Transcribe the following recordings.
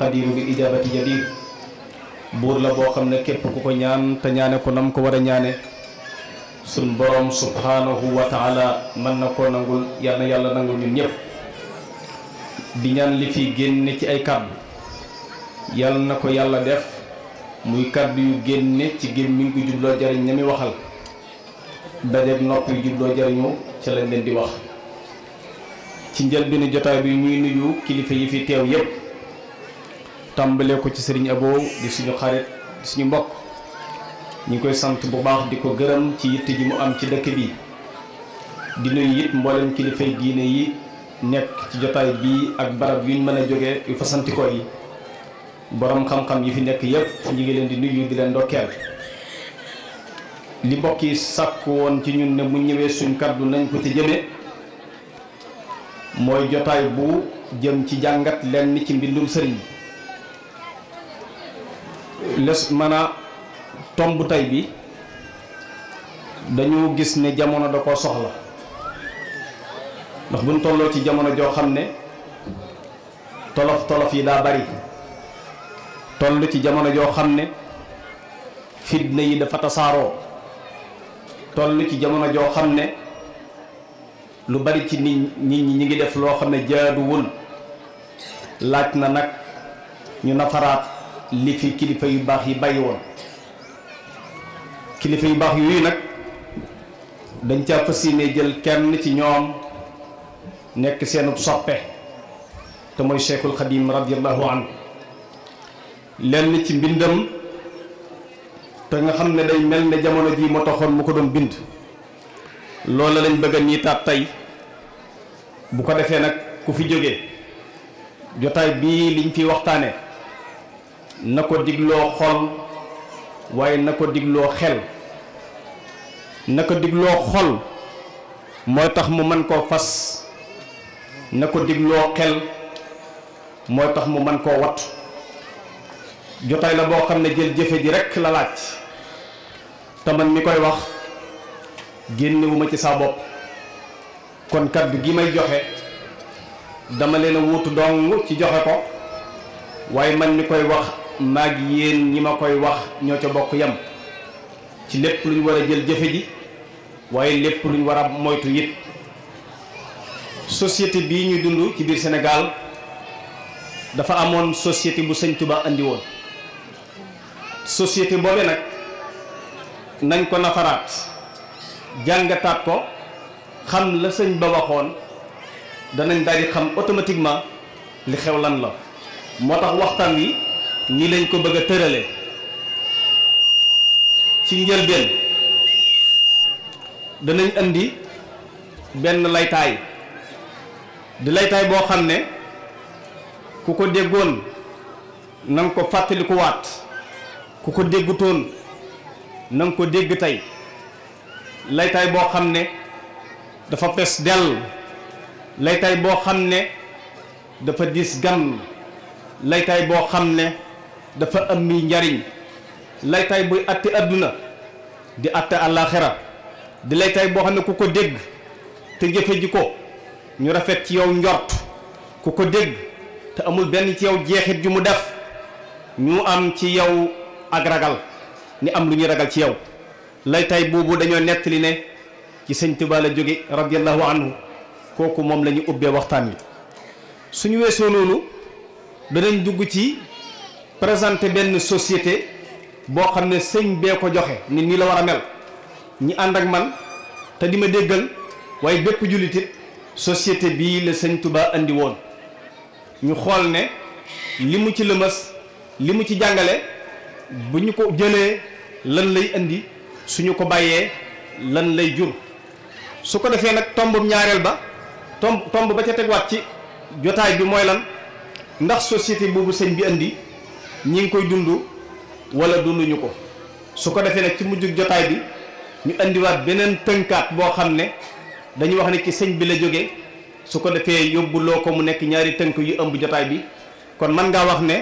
qadiru bi ijaabati jadiir buur la boo xam ne képp ku ko ñaan te ñaane ko nam ko war a ñaane suñ boroom subhanahu wa mën na ko nangul yal na yàlla nangul ñun ñëpp di ñan li fi génne ci ay kàddu yal na ko yàlla def muy kàddu yu génne ci gémmiñ gu jubloo jariñ ña mi waxal dajeeg nopp yu jubloo jariñu ca leen di wax ci njëlbéenu jotaay bi ñuy nuyu kilifa yi fi teew yépp tàmbalee ko ci sëriñ Abo di suñu xarit di suñu mbokk ñu koy sant bu baax di ko gërëm ci yitte ji mu am ci dëkk bi di nuyu it mboolem kilifay diine yi nekk ci jotaay bii ak barab yuñ mën a jóge yu fasantikoo yi borom xam-xam yi fi nekk yëpp ñu di nuyu di leen ndokkeel li mbokk yi sàkk woon ci ñun ne mu ñëwee suñ kaddu nañ ko ci jëme mooy jotaay bu jëm ci jàngat lenn ci mbindum sëriñ les mana tomb tey bi dañoo gis ne jamono da koo soxla ndax buñ tolloo ci jamono joo xam ne tolof tolof yi daa bari ci jamono joo xam ne fitna yi dafa tasaaroo toll ci jamono joo xam ne lu bari ci nit ñi ñi ngi def loo xam ne jaaduwul laaj na nag ñu nafaraat li fi kilifa yu baax yi bàyyi woon kilifa yu baax yooyu nag dañ caa fas jël kenn ci ñoom nekk seenub soppe te mooy Cheikhul Xadim radiallahu anhu lenn ci mbindam te nga xam ne day mel ne jamono ji moo taxoon mu ko doon bind loola lañ bëgg a niitaat tey bu ko defee nag ku fi jóge jotaay bii liñ fi waxtaane na ko digloo xol waaye na ko digloo xel na ko digloo xol mooy tax mu mën koo fas na ko digloo xel mooy tax mu mën koo wattu jotaay la boo xam ne jël jëfe ji rekk la laaj te man mi koy wax génnewuma ci saa bopp kon kàddu gi may joxe dama leen a wuutu dong ci joxe ko waaye man ni koy wax maag yéen ñi ma koy wax ñoo ca bokk yam ci lépp luñu war a jël jëfe ji waaye lépp lu war a moytu it société bii ñuy dund ci biir senegaal dafa amoon société bu sëñ Tuba andi woon société boobee nag nañ ko nafaraat jàngataat ko xam la sëñ ba waxoon danañ daal di xam automatiquement li xew lan la moo tax waxtaan wi ni lañ ko bëgg a tërale ci njëlbeen danañ andi benn laytaay di laytaay boo xam ne ku ko déggoon nanga ko fàttalikuwaat ku ko déggutoon nanga ko dégg tey laytaay boo xam ne dafa fes dell laytaay boo xam ne dafa diis gann laytaay boo xam ne dafa am mi njariñ laytaay buy atte àdduna di atte àllaaxira di laytaay boo xam ne ku ko dégg te jëfe ji ko ñu rafet ci yow njort ku ko dégg te amul benn ci yow jeexit ji mu def ñu am ci yow ak ragal ni am lu ñuy ragal ci yow laytaay boobu dañoo nettali ne ci sëñ Tuubaa jóge radiyallahu anhu kooku moom la ñu ubbee waxtaan wi suñu weesoo loolu danañ dugg ci présenté benn société boo xam ne sëñ bee ko joxe nit nii la war a mel ñi ànd ak man te di ma déggal waaye bépp jullitit société bii la sëñ Touba andi woon ñu xool ne li mu ci lëmas li mu ci jàngale bu ñu ko jëlee lan lay indi suñu ko bàyyee lan lay jur su ko defee nag tomb ñaareel ba tomb tomb ba ca tegwaat ci jotaay bi mooy lan ndax société boobu sëñ bi indi ñi ngi koy dund wala dunduñu ko su ko defee nag ci mujj jotaay bi ñu indiwaat beneen tënkaat boo xam ne dañu wax ne ci sëñ bi la jóge su ko defee yóbbuloo ko mu nekk ñaari tënk yu ëmb jotaay bi kon man ngaa wax ne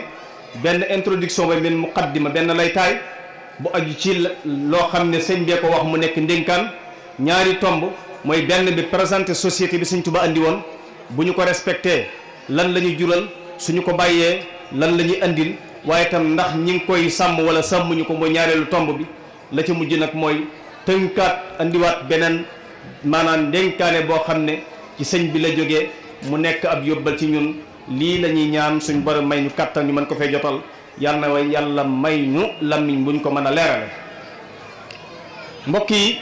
benn introduction ba benn muqaddima benn lay taay bu aju ci loo xam ne sëñ bee ko wax mu nekk ndénkaan ñaari tomb mooy benn bi présenté société bi sëñ Tuubaa andi woon bu ñu ko respecté lan lañuy ñu jural suñu ko bàyyee lan lañuy ñuy waaye itam ndax ñi ngi koy sàmm wala sàmmuñu ko mooy ñaareelu tomb bi la ci mujj nag mooy tënkaat andiwaat beneen maanaam dénkaane boo xam ne ci sëñ bi la jóge mu nekk ab yóbbal ci ñun lii lañuy ñaan suñ borom may ñu kattan ñu mën ko fee jotal yàlla na way yàlla may ñu làmmiñ buñ ko mën a leerale mbokk yi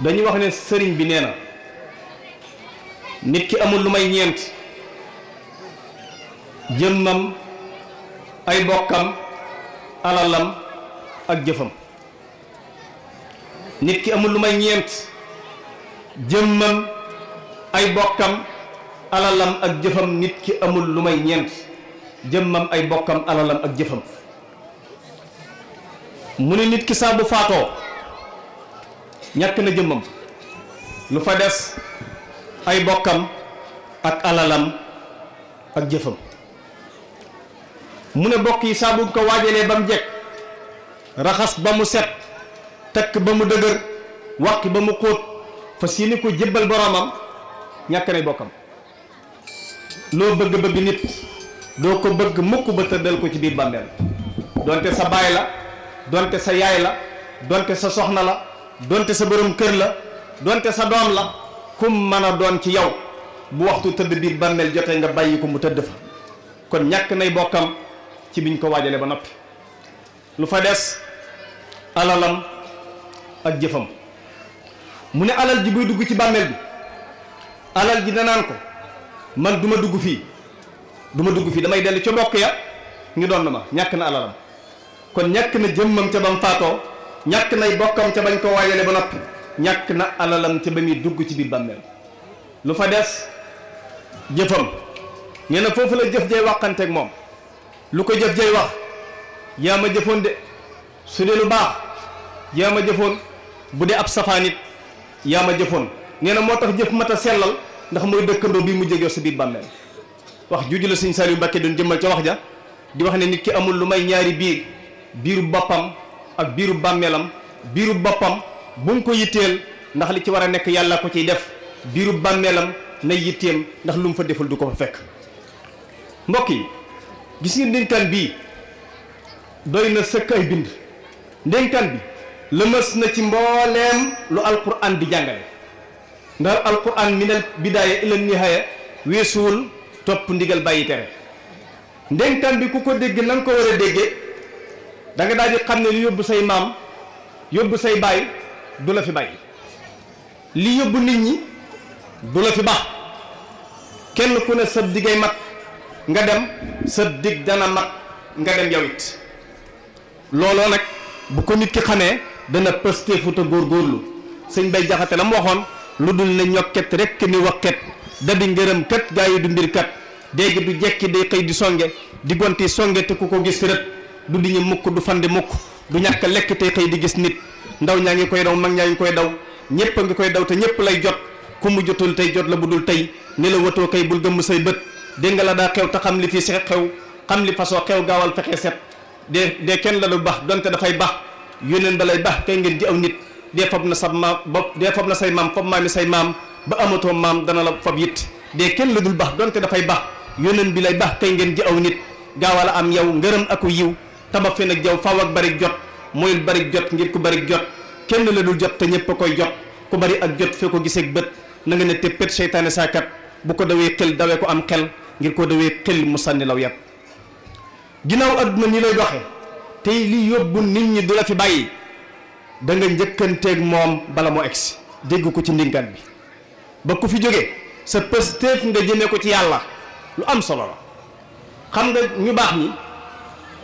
dañuy wax ne sëriñ bi nee na nit ki amul lu may ñeent jëmmam ay bokkam alalam ak jëfam nit ki amul lu may ñeent jëmmam ay bokkam alalam ak jëfam nit ki amul lu may ñeent jëmmam ay bokkam alalam ak jëfam mu ne nit ki saa bu faatoo ñàkk na jëmmam lu fa des ay bokkam ak alalam ak jëfam mu ne bokk yi saa buñ ko waajalee ba mu jekk raxas ba mu set takk ba mu dëgër wàq ba mu xóot fas yéene ko jébbal boroomam ñàkk nay bokkam loo bëgg-bëgg nit doo ko bëgg mukk ba tëddal ko ci biir bàmbeel donte sa baay la donte sa yaay la donte sa soxna la donte sa borom kër la donte sa doom la kum mën a doon ci yow bu waxtu tëdd biir bàmmeel jotee nga bàyyi ko mu tëdd fa kon ñàkk nay bokkam ci biñ ko waajalee ba noppi lu fa des alalam ak jëfam mu ne alal ji buy dugg ci bàmmeel bi alal ji danaan ko man duma dugg fii duma dugg fii damay dellu ca mbokk ya ñu doon ma ñàkk na alalam kon ñàkk na jëmmam ca bam faatoo ñàkk nay bokkam ca bañ ko waajalee ba noppi ñàkk na alalam ca ba muy dugg ci biir bàmmeel lu fa des jëfam nee foofu la jëf jay waxanteeg moom lu ko jëf jay wax yaa ma jëfoon de su dee lu baax yaa ma jëfoon bu dee ab safaan yaa ma jëfoon nee na moo tax jëf mat a sellal ndax mooy dëkkandoo bii mu jege sa biir bàmmeel wax juju la sëñ yu Mbacké doon jëmmal ca wax ja di wax ne nit ki amul lu may ñaari biir biiru boppam ak biiru bàmmeelam biiru boppam bu mu ko yitteel ndax li ci war a nekk yàlla ko ciy def biiru bàmmeelam na yitteem ndax lu mu fa deful du ko fa fekk mbokk yi gis ngeen ndénkaan bii doy na sëkk ay bind ndénkaan bi lëmës na ci mbooleem lu alquran di jàngale ndax alquran minal bidaaya ila nihaaya weesuwul topp ndigal bàyyi tere ndénkaan bi ku ko dégg na ko war a déggee da nga daal di xam ne li yóbbu say maam yóbbu say baay du la fi bàyyi li yóbbu nit ñi du la fi baax kenn ku ne sa diggay mat nga dem sa dig dana mat nga dem yow looloo nag bu ko nit ki xamee dana pëste góor góorgóorlu sëñ bay jaxate la mu waxoon lu dul ne ñokket rek ni wakket da di ngërëm kat gaa yi du mbir kat dégg du jekki day xëy di songe di gonti songe te ku ko gis rët du ñe mukk du fandi mukk du ñàkk a lekk tey xëy di gis nit ndaw ñaa ngi koy daw mag ñaa ngi koy daw ñëpp a ngi koy daw te ñëpp lay jot ku mu jotul tey jot la bu dul tey ni la watoo kay bul gëmm say bët dégg nga la daa xew te xam li fii si xew xam li façon xew gaawal fexe set de dee kenn la lu baax donte dafay baax yónneen ba baax kay ji aw nit dee fob na sa maam bopp dee na say maam fob maami say maam ba amatoo maam dana la fob it dee kenn la dul baax donte dafay baax yónneen bi lay baax kay ngeen ji aw nit gaawal am yow ngërëm aku yiw tabax fi nag jaw faw ak bari jot mooyul bari jot ngir ku bari jot kenn la dul jot te ñëpp a koy jot ku bari ak jot fee ko gisee bët na nga ne te pét seytaane saakat bu ko dawee xel dawee ko am xel ngir ko dawee xel mu sànni law yàpp ginnaaw adduna nii lay doxe tey lii yóbbu nit ñi du la fi bàyyi da nga njëkkanteeg moom bala mu egsi dégg ko ci ndinkat bi ba ku fi jóge sa pëstéef nga jëme ko ci yàlla lu am solo la xam nga ñu baax ñi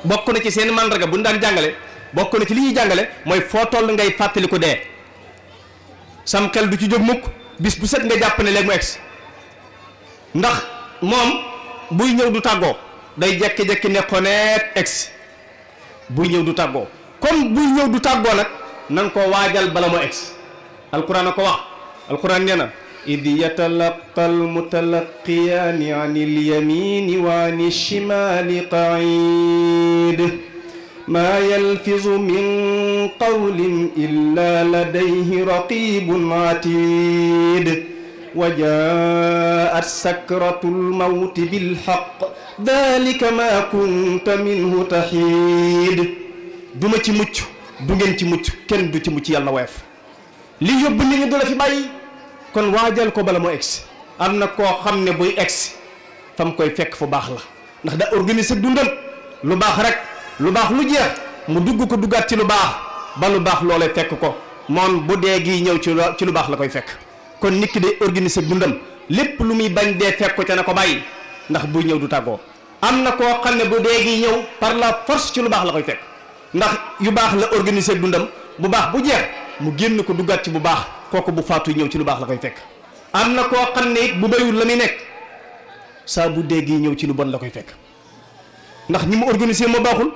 bokk na ci seen màndarga bu ñu daan jàngale bokk na ci li ñuy jàngale mooy foo toll ngay fàttali ko dee sam xel du ci jóg mukk bis bu set nga jàpp ne léegi mu egsi ndax moom buy ñëw du tàggoo day jekki-jekki ne xoneet egsi buy ñëw du tàggoo comme buy ñëw du tàggoo nag nan ko waajal bala moo egsi alquran a ko wax alquran nee na id yatalaqa almutalaqiyaani an ilyamini wa an ilchimali qaid maa yalfizu min qawlin illa ladayhi raqibun atid at وجاءت سكرة الموت بالحق ذلك ما كنت منه تحيد duma ci mucc du ngeen ci mucc kenn du ci mucc yàlla woyof lii yóbbu nit ñi du la fi bàyyi kon waajal ko bala mu egsi am na koo xam ne buy egsi fam koy fekk fu baax la ndax da organiser dundal lu baax rek lu baax lu jeex mu dugg ko duggaat ci lu baax ba lu baax loolee fekk ko moom bu dee gi ñëw ci lu baax la koy fekk kon nit de day organiser dundam lépp lu muy bañ dee fekk ko ca na ko bàyyi ndax buy ñëw du tàggoo am na koo xam ne bu dee gi ñëw par la force ci lu baax la koy fekk ndax yu baax la organiser dundam bu baax bu jeex mu génn ko duggaat ci bu baax kooku bu faatu ñëw ci lu baax la koy fekk am na koo xam ne it bu bayul la muy nekk saa bu dee gi ñëw ci lu bon la koy fekk ndax ñi mu organiser ma baaxul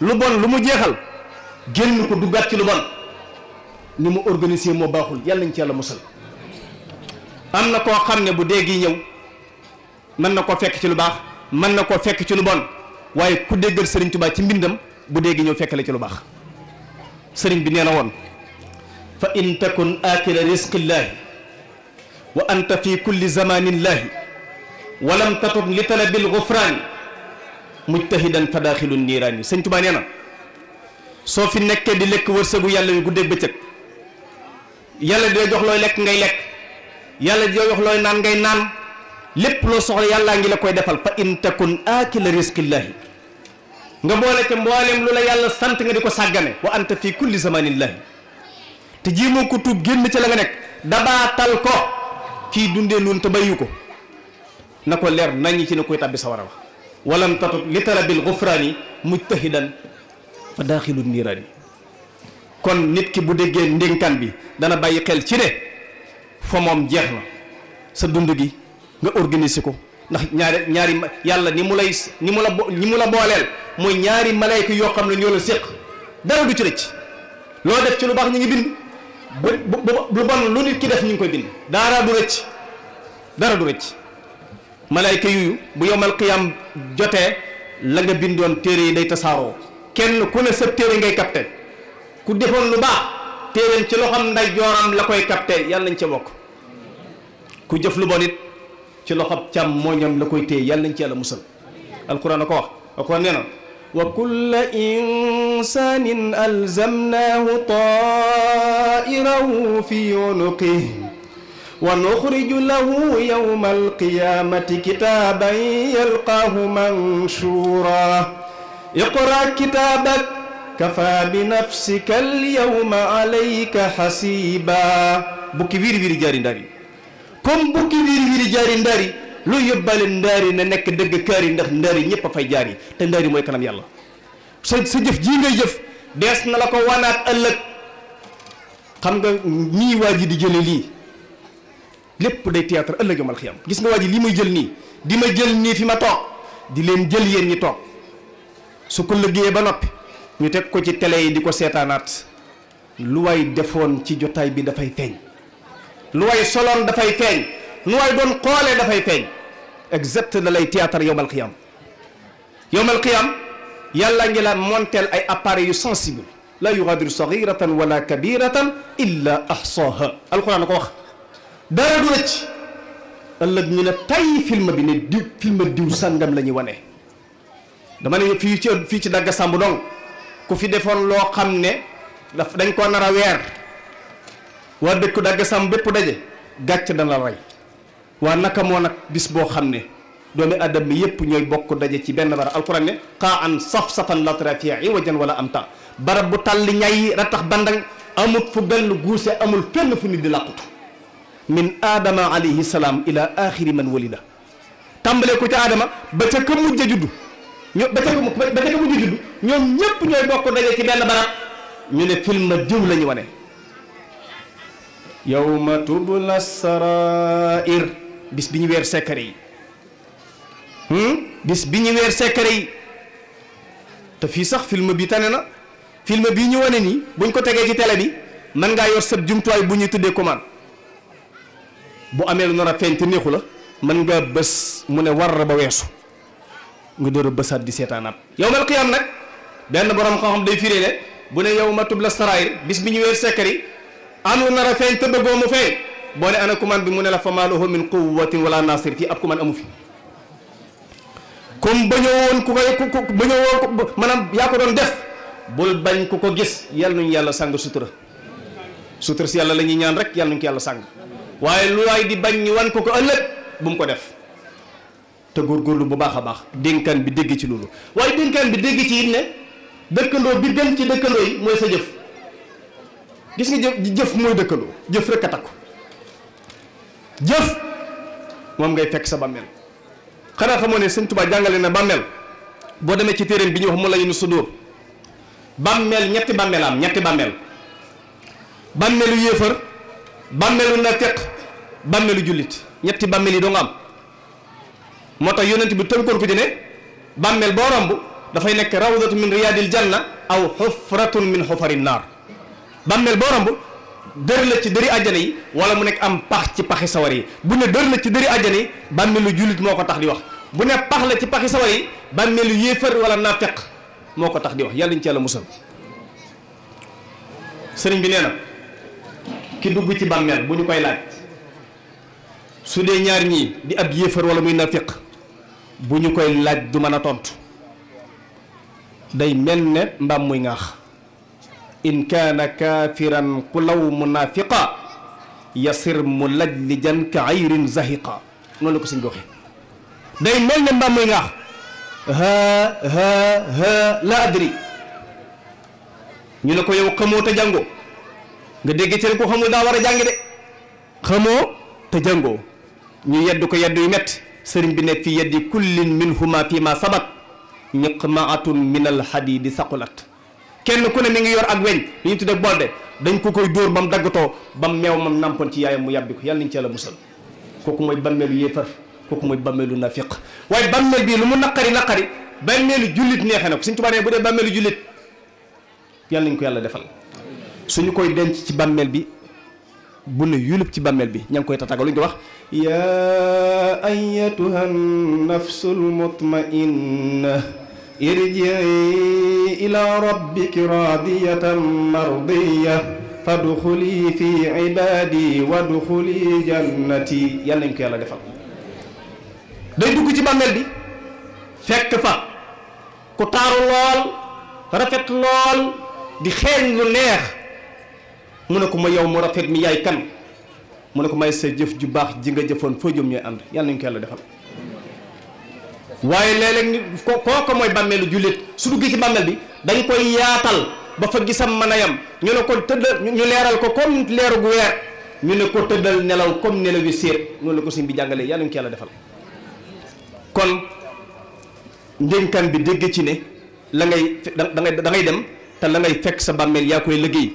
lu bon lu mu jeexal génn ko duggaat ci lu bon ni mu organiser moo baaxul yàlla nañ ci yàlla musal am na koo xam ne bu dee gi ñëw mën na koo fekk ci lu baax mën na koo fekk ci lu bon waaye ku déggal sëriñ Tuubaa ci mbindam bu dee gi ñëw fekk la ci lu baax sëriñ bi nee na woon fa in takun akila risqillaahi wa anta fi kulli zamaanillaahi wa lam tatub li talabil gufraani mujtahidan fa daaxilun niiraani sëriñ Tuubaa nee na soo fi nekkee di lekk wërsëgu yàlla yu guddeeg bëccëg yàlla dee jox looy lekk ngay lekk yàlla joo wax looy naan ngay naan lépp loo soxla yàllaa ngi la koy defal fa in takun aakila risqillahi nga boole ca mboolem lu la yàlla sant nga di ko sàggane wa anta fi kulli zamanillahi te jéemoo ko tuub génn ci la nga nekk dabaatal ko kii dundee noonu te bàyyi ko na ko leer naññi ci ne koy tàbbi sa war a wax walam tatut li talabil gufraani mujtahidan fa daaxilu niiraani kon nit ki bu déggee ndénkaan bi dana bàyyi xel ci ne fa moom jeex na sa dund gi nga organiser ko ndax ñaari ñaari yàlla ni mu lay ni mu la ni mu la booleel mooy ñaari malayka yoo xam ne ñoo la séq dara du ci rëcc loo def ci lu baax ñu ngi bind bu lu bon lu nit ki def ñu ngi koy bind dara du rëcc dara du rëcc malayka yuyu bu yowmal qiyam jotee la nga bindoon téere yi day tasaaroo kenn ku ne sëb téere ngay capté ku defoon lu baax téeréen ci loxoom yoo am la koy capté yàlla nañ ca bokk ku jëf lu bon it ci loxob càmmooñam la koy téye yàlla nañ musal alquran a ko wax alquran nee na wa kulla insanin alzamnaahu taa'irahu fi unuqihi wa nuxriju lahu yawma alqiyaamati kitaaban yalqaahu manshura iqra kitaabak kafaa bi nafsika alyawma alayka xasiiba bukki wiiri wiiri comme bukki wiiri wiiri jaari ndaari lu yóbbaale ndaari na nekk dëgg kaari ndax ndaari ñëpp a fay jaari te ndaari mooy kanam yàlla sa sa jëf jii ngay jëf dees na la ko wanaat ëllëg xam nga nii waa ji di jële lii lépp day théâtre ëllëg yomal xiyam gis nga waa ji lii muy jël nii di ma jël nii fi ma toog di leen jël yéen ñi toog su ko liggéeyee ba noppi ñu teg ko ci télé yi di ko seetaanaat lu waay defoon ci jotaay bi dafay feeñ lu way soloon dafay feeñ lu way doon xoolee dafay feeñ exact la lay théâtre yowmal qiyam yowmal qiyam yàlla ngi la monteel ay appareils yu sensible la yughadiru saghiratan wala kabiratan illa ahsaha alquran ko wax dara du rëcc ëllëg ñu ne tay film bi ne diw film diw sàngam la ñuy wane dama ne fii ci fii ci dagga sàmb ku fi defoon loo xam ne daf dañ koo nar a weer waa dëkk dagg sàmm bépp daje gàcc na la rey waa naka moo nag bis boo xam ne doomi adam mi yëpp ñooy bokk daje ci benn barab alquran ne xaa an saf-safan latratia iwajan wala am ta barab bu tàlli ñayi ratax bandang amut fu benn guuse amul fenn fu nit di làqutu min aadama alayhi salaam ila axiri man walida tàmbalee ko ca aadama ba ca ka a juddu ño ba ba ca ka mujj a juddu ñoom ñëpp ñooy bokk daje ci benn barab ñu ne film diw la ñu wane yawma tubla sarair bis bi ñu weer sekkare yi hmm? bis bi ñu weer sekkare yi te fii sax film bi tane na film bii ñu wane nii buñ ko tegee ci tele bi mën ngaa yor sab jumtuwaay bu ñuy tuddee command bu amee lu nar a feeñ te neexu la mën ngaa bés mu ne war ba weesu nga door a bësaat di seetaanaat yawmal qiyaam nag benn borom xam-xam day firee ne bu ne yawma tubla sarair bis bi ñu weer sekkare yi am lu nar te bëggoo mu feeñ boo ne ana bi mu ne la fa maa lahu min quwwatin wala nasir fii ab kumaan amu fi comme bañoo woon ku koy ku bañoo woon ko maanaam yaa ko doon def bañ ku ko gis yal nuñ yàlla sàng sutura sutura si yàlla la ñuy ñaan rek yàlla nuñ ko yàlla sàng waaye lu waay di bañ ñu wan ko ko ëllëg bu mu ko def te góorgóorlu bu baax a baax dénkaan bi dégg ci loolu waaye dénkaan bi dégg ci it ne dëkkandoo bi gën ci dëkkandoo yi mooy sa jëf gis nga jëf jëf mooy dëkkaloo jëf rek a takku jëf moom ngay fekk sa bàmmeel xanaa xamoo ne sëñ Tuubaa jàngale na bàmmeel boo demee ci téeréem bi ñuy wax mu la ñu sudóor bàmmeel ñetti bàmmeel am ñetti bàmmeel bàmmeelu yéefar bàmmeelu nafiq bàmmeelu jullit ñetti bàmmeel yi doo am moo tax yonent bi tënkoon ko ci bàmmeel boo romb dafay nekk rawdatu min riyaadil janna aw xufratun min xufarin naar bàmmeel boo romb dër la ci dëri àjjana yi wala mu nekk am pax ci paxi sawar yi bu ne dër la ci dëri àjjana yi bàmmeelu jullit moo ko tax di wax bu ne pax la ci paxi sawar yi bàmmeelu yéefar wala naafeq moo ko tax di wax yàlla ñu ci musal sëriñ bi ki dugg ci bàmmeel bu ñu koy laaj su dee ñaar ñii di ab yéefar wala muy naafeq bu ñu koy laaj du mën a tontu day mel ne mbaam muy ŋaax in kaana kaafiran qulaw munaafiqa yasir mulajlijan ka ayrin zahiqa noonu la ko sëñ bi waxee day mel ne mbaam muy ngaax ha ha ha la adri ñu ne ko yow xamoo te jàngoo nga dégg ci ne ko xamul daa war a jàng de xamoo te jàngoo ñu yedd ko yedd yu métti sëriñ bi ne fi yeddi kullin minhuma fi ma sabat miqmaatun min alhadidi saqulat kenn ku ne ni ngi yor ak weñ li ñu tudde bolde dañ ko koy dóor ba mu daggatoo ba mu meew ma nampoon ci yaayam mu yàbbi ko yàlla nañ ci yàlla musal kooku mooy bammeelu yéefar kooku mooy bammeelu nafiq waaye bammeel bii lu mu naqari naqari bammeelu jullit neexee na ko suñ tubaab nee bu dee bammeelu jullit yàlla nañ ko yàlla defal koy denc ci bammeel bi bu ne yulub ci bammeel bi ña ngi koy tatagal lu ñu ko wax yaa ayatuha nafsul mutmainna irji'i ila rabbiki radiyatan fa fadxuli fi ibaadi wadxuli jannati yàlla nañ ko yàlla defal day dugg ci bàmmeel bi fekk fa ku taaru lool rafet lool di xeeñ lu neex mu ne ko ma yow mu rafet mi yaay kan mu ne ko may sa jëf ju baax ji nga jëfoon foo jëm ñooy ànd yàlla nañ ko yàlla defal waaye léeg-léeg nit kooka mooy bàmmeelu jullit su duggee ci bàmmeel bi dañ koy yaatal ba fa gisam mën a yam ñu ne ko tëddal ñu leeral ko comme leeru gu weer ñu ne ko tëddal nelaw comme nelaw yi séet noonu la ko si bi jàngalee yàlla ñu ko defal kon njënkaan bi dégg ci ne la ngay da ngay da ngay dem te la ngay fekk sa bàmmeel yaa koy liggéey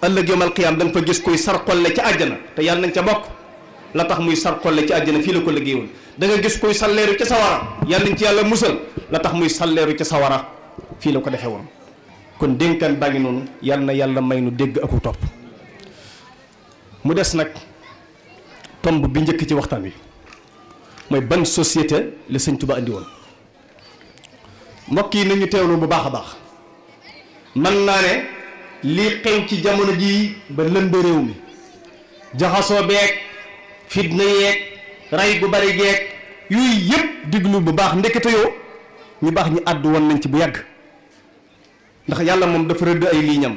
ëllëg yomal xiyaam da nga fa gis koy sarxolle ci àjjana te yàlla nañ ca bokk la tax muy sarxolle ci àjjana fii la ko liggéeyoon da gis kuy salleeru ca sawara yal nañ ci yàlla musal la tax muy salleeru ca sawara fii la ko defee woon kon dénkaan baa noonu yal na yàlla may nu dégg aku topp mu des nag tomb bi njëkk ci waxtaan wi mooy ban société la sëñ Tuba andi woon mbokk yi nañu teewlu bu baax a baax mën naa ne lii xew ci jamono jii ba lënd réew mi jaxasoo beeg fitna yeeg rey gu bari geeg yooyu yëpp diglu bu baax ndekete yoo ñu baax ñu àdd woon nañ ci bu yàgg ndax yàlla moom dafa rëdd ay liiñam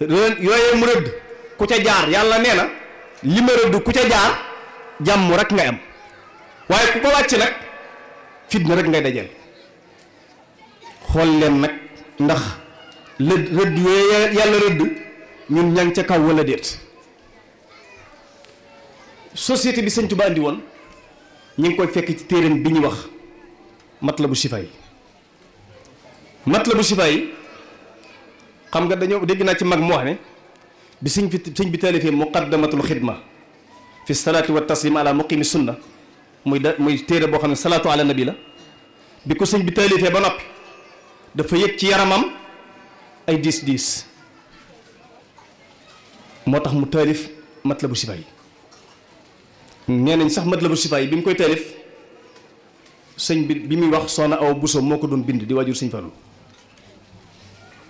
yooyee mu rëdd ku ca jaar yàlla nee na li ma rëdd ku ca jaar jàmm rek ngay am waaye ku ko wàcc nag fitna rek ngay dajeel xool leen nag ndax lë rëdd yooyu yàlla rëdd ñun ña ca kaw wala déet société bi sëñ ba indi woon ñu ngi koy fekk ci téereem bi ñuy wax matlabu sifa yi matlabu sifa yi xam nga dañoo dégg naa ci mag mu wax ne bi sëñ fi sëñ bi taalifee muqaddamatul xidma fi salaati wa taslim ala muqimi sunna muy da muy téere boo xam ne salaatu ala nabi la bi ko sëñ bi taalifee ba noppi dafa yëg ci yaramam ay diis diis moo tax mu taalif matlabu sifa yi nee nañ sax Matlabu Sifa yi bi mu koy taalif sëñ bi bi muy wax soxna aw Bousso moo ko doon bind di waajur sëñ Fallu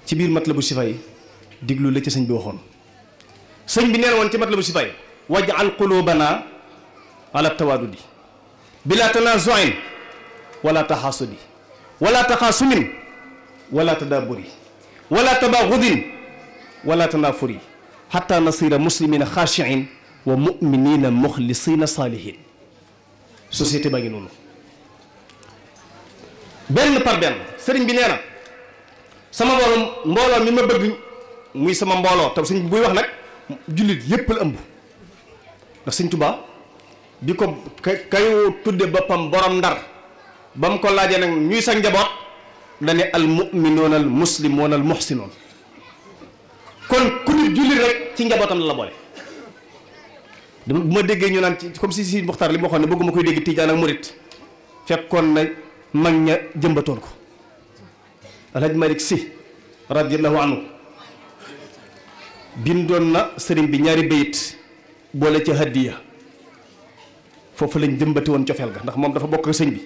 ci biir Matlabu Sifa yi diglu la ci sëñ bi waxoon sëñ bi nee na woon ci Matlabu Sifa yi waj'al qulubana ala tawaadudi bila tanazuin wala taxaasudi wala taxaasumin wala tadaaburi wala tabaxudin wala tanaafuri xatta nasira muslimina xaashiin wa muminina muxlisina saalihin société baa ngi noonu benn par benn sëriñ bi nee na sama mbooloo mbooloo mi ma bëgg muy sama mbooloo te sëñ buy wax nag jullit yépp la ëmb ndax sëñ Tuubaa bi ko kayu tudde boppam borom ndar ba mu ko laajee nag ñuy sa njaboot dane al mu'minoona al muslimoona al muxsinoon kon ku nit jullit rek ci njabootam la la boole dama ma déggee ñu naan ci comme si si Muxtaar li ma waxoon ne bëgguma koy dégg Tijaan ak Murit fekkoon na mag ña jëmbatoon ko Alhaji Malick Sy radiyallahu anhu bindoon na sëriñ bi ñaari bayit boole ci hadiya foofu lañ jëmbati woon cofeel ga ndax moom dafa bokk sëñ bi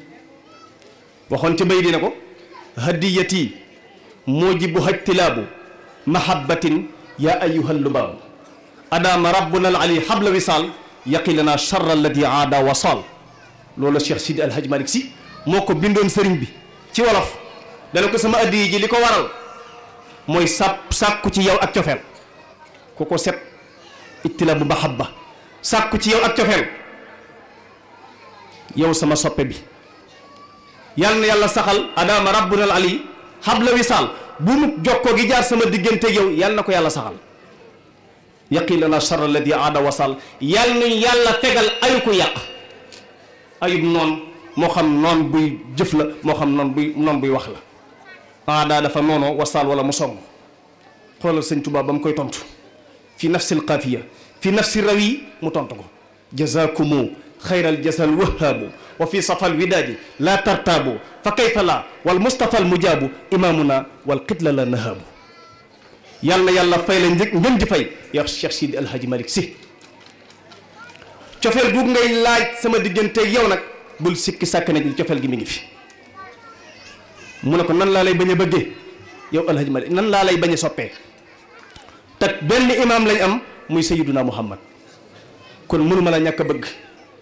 waxoon ci bayit yi ne ko hadiyati moo ji bu hajtilaabu mahabbatin yaa ayyuhal lubaabu adaama rabbuna al ali habla wisaal yaqi lana charra alladi aada wasal loolu Cheikh Sidi Alhaj Malick si moo ko bindoon sëriñ bi ci wolof dana ko sama addi ji li ko waral mooy sàpp sàkku ci yow ak cofeel ku ko set ittila bu mahabba sàkku ci yow ak cofeel yow sama soppe bi yal na yàlla saxal adaama rabbunal ali habla wisaal bu mu jokkoo gi jaar sama digganteeg yow yal na ko yàlla saxal yaqinana charra alladi aada wasal yal nañ yàlla tegal ayu ku yàq ayub noonu moo xam noon buy jëf la moo xam noon buy noon buy wax la aada dafa noonoo wasal wala mu song xoolal sëñ Tuubaa ba mu koy tontu fi nafsi alqaafiya fi nafsi rawi mu tontu ko jazakumu xayral jasal wahaabu wa fi safal widaadi laa tartaabu fa kayfa laa wal mustafa almujaabu imaamuna wal qitla la nahaabu yàlla na yàlla fay la njëkk ngeen di fay yow Cheikh Sidi El Hadj Malick Sy cofeel bu ngay laaj sama digganteeg yow nag bul sikki sàkk na cofeel gi mi ngi fi mu ne ko nan laa lay bañ a bëggee yow El Hadj Malick nan laa lay bañ a soppee te benn imaam lañ am muy Sayyiduna Muhammad kon mënu ma la ñàkk a bëgg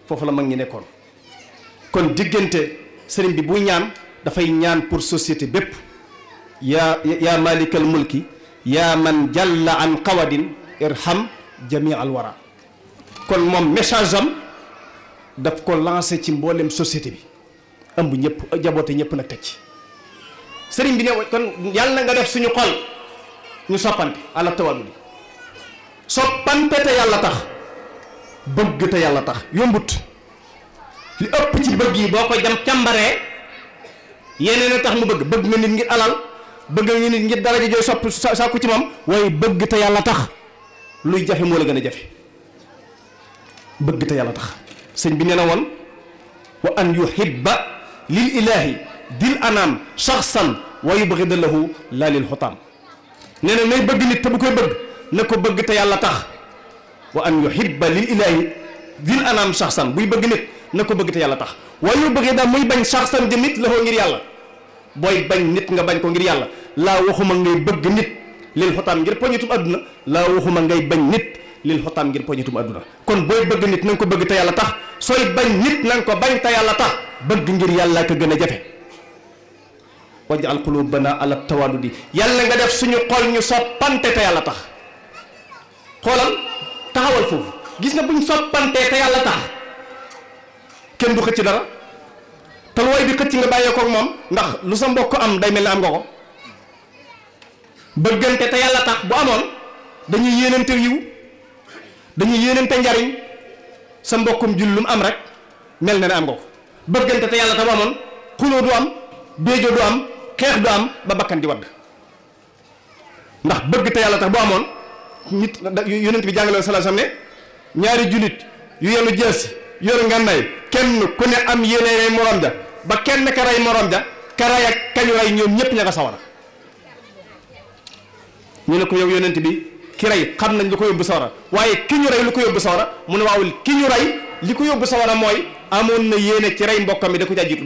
foofu la mag ñi nekkoon kon diggante sëriñ bi bu ñaan dafay ñaan pour société bépp yaa yaa maalikal mulki yaa man jalla an kawadin irham jamii al kon moom message am daf ko lancé ci mboolem société bi ëmb ñëpp jaboote ñëpp nag teg ci sëriñ bi ne kon yàlla na nga def suñu xol ñu soppante ala tawalu bi soppante te yàlla tax bëgg te yàlla tax yombut li ëpp ci bëgg yi boo ko jam càmbaree yeneen a tax mu bëgg bëgg nga nit ngir alal bëgg ñu nit ngir dara ji jooy sopp sàkku ci moom waaye bëgg te yàlla tax luy jafe moo la gën a jafe bëgg te yàlla tax sëñ bi nee na woon wa an yuhibba lil ilaahi dil anaam shaxsan wa yubxida lahu laa lil xutaam nee na nay bëgg nit te bu koy bëgg na ko bëgg te yàlla tax wa an yuhibba lil ilaahi dil anaam shaxsan buy bëgg nit na ko bëgg te yàlla tax wa yubxida muy bañ shaxsan jëmit lahu ngir yàlla booy bañ nit nga bañ ko ngir yàlla laa waxuma ngay bëgg nit lil xotaam ngir poñitum àdduna laa waxuma ngay bañ nit lil xotaam ngir poñitum adduna kon booy bëgg nit na ko bëgg te yàlla tax sooy bañ nit na nga ko bañ yàlla tax bëgg ngir yàlla ko gën a jafe wajal qulubana ala tawadudi yàlla nga def suñu xol ñu soppante te yàlla tax xoolal taxawal foofu gis nga buñ soppante te yàlla tax kenn du xëcc dara te lu way di xëcc nga bàyyeekoo ak moom ndax lu sa mbokk am day mel ne am nga ko bëggante dañuy yéenante yiw dañuy yéenante njariñ sa mbokkum jullum am rek mel na ne am nga ko bëggante te yàlla tax bu amoon xuloo du am béejo du am xeex du am ba bakkan di wadd ndax bëgg te yàlla tax bu amoon nit yonent bi jàngale sallallahu alayhi wasallam ne ñaari jullit yu yenu jees yor ngànnaay kenn ku ne am yéene moroom ja ba kenn ka rey morom ja ka rey ak kañu rey ñoom ñëpp ña nga sawara ñu ne ko yow yonent bi ki rey xam nañ li ko yóbbu sawara waaye ki ñu rey lu ko yóbbu sawara mu ne waawul li ko yóbbu sawara mooy amoon na yéene ci rey mbokkam mi da ko caa jiitu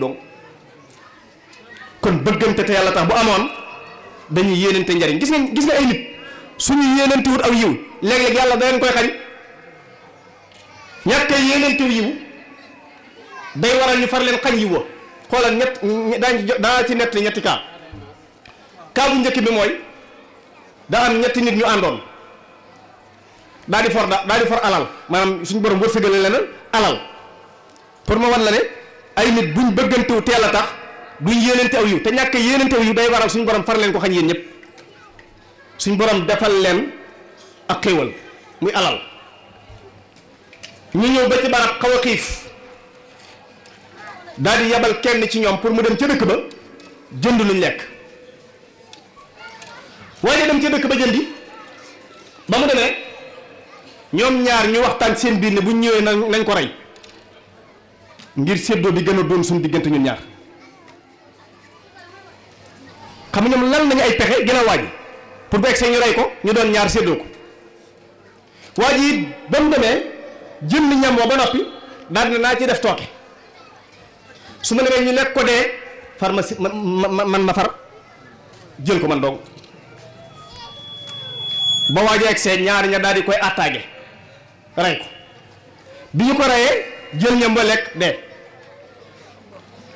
kon bëggante te yàlla tax bu amoon dañuy yéenante njariñ gis nga gis nga ay nit suñu yéenante wut aw yiw léeg-léeg yàlla da leen koy xañ ñàkk yéenante yiw day waral ñu far leen xañ yiw wa xoolal ñett daañ ci daa ci nett ñetti kaa cas bu njëkk bi mooy daa am ñetti nit ñu àndoon daa di for da daa di for alal maanaam suñu borom wërsëgale leen alal pour ma wan la ne ay nit buñ bëggantew teel a tax duñ yéenante aw yiw te ñàkk yéenante aw yi day waral suñu borom far leen ko xañ yéen ñëpp suñu borom defal leen ak xéewal muy alal ñu ñëw ba ci barab xiif daal di yebal kenn ci ñoom pour mu dem ca dëkk ba jënd luñ lekk waaye dem ca dëkk ba jëndi ba mu demee ñoom ñaar ñu waxtaan seen biir ne bu ñëwee nañ ko rey ngir seddoo bi gën a doon suñu diggante ñun ñaar xam nga ñoom lan nañu ay pexe gën a waaj pour bu egsee ñu rey ko ñu doon ñaar séddoo ko waaj it ba mu demee jënd ñam wa ba noppi daal di naa ci def tooke. su ma demee ñu nekk ko dee pharmacie ma man ma far jël ko man dong ba waaj ak seen ñaari ña daal di koy attaqué rey ko bi ñu ko reyee jël ñam ba lekk de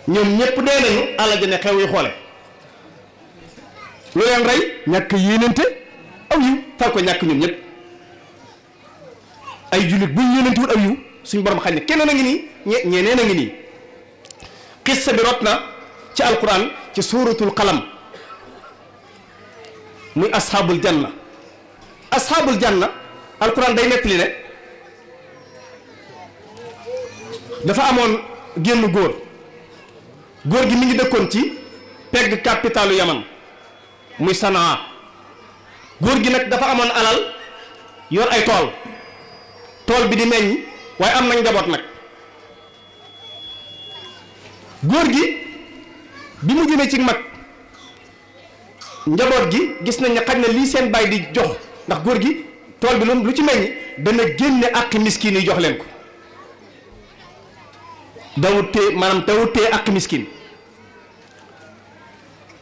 ñoom ñëpp dee nañu àll ji ne xew yu xoole lu leen rey ñàkk yéenante aw far ko ñàkk ñoom ñëpp ay jullit bu yéenantewul aw yiw suñ borom xañ ne keneen a ngi nii ñe ñeneen a ngi nii qissa bi rot na ci alquran ci suuratul qalam muy asxaabul janna asxaabul janna alquran day nettali ne dafa amoon génn góor góor gi mi ngi dëkkoon ci pegg capitalu yaman muy sanaa góor gi nag dafa amoon alal yor ay tool tool bi di meññ waaye am nañ njaboot nag góor gi bi mu jëmee ci mag njaboot gi gis nañ ne xaj na lii seen bàyyi di jox ndax góor gi tool bi lu ci meññ dana génne ak miskin yi jox leen ko dawut tee maanaam dawut tee ak miskin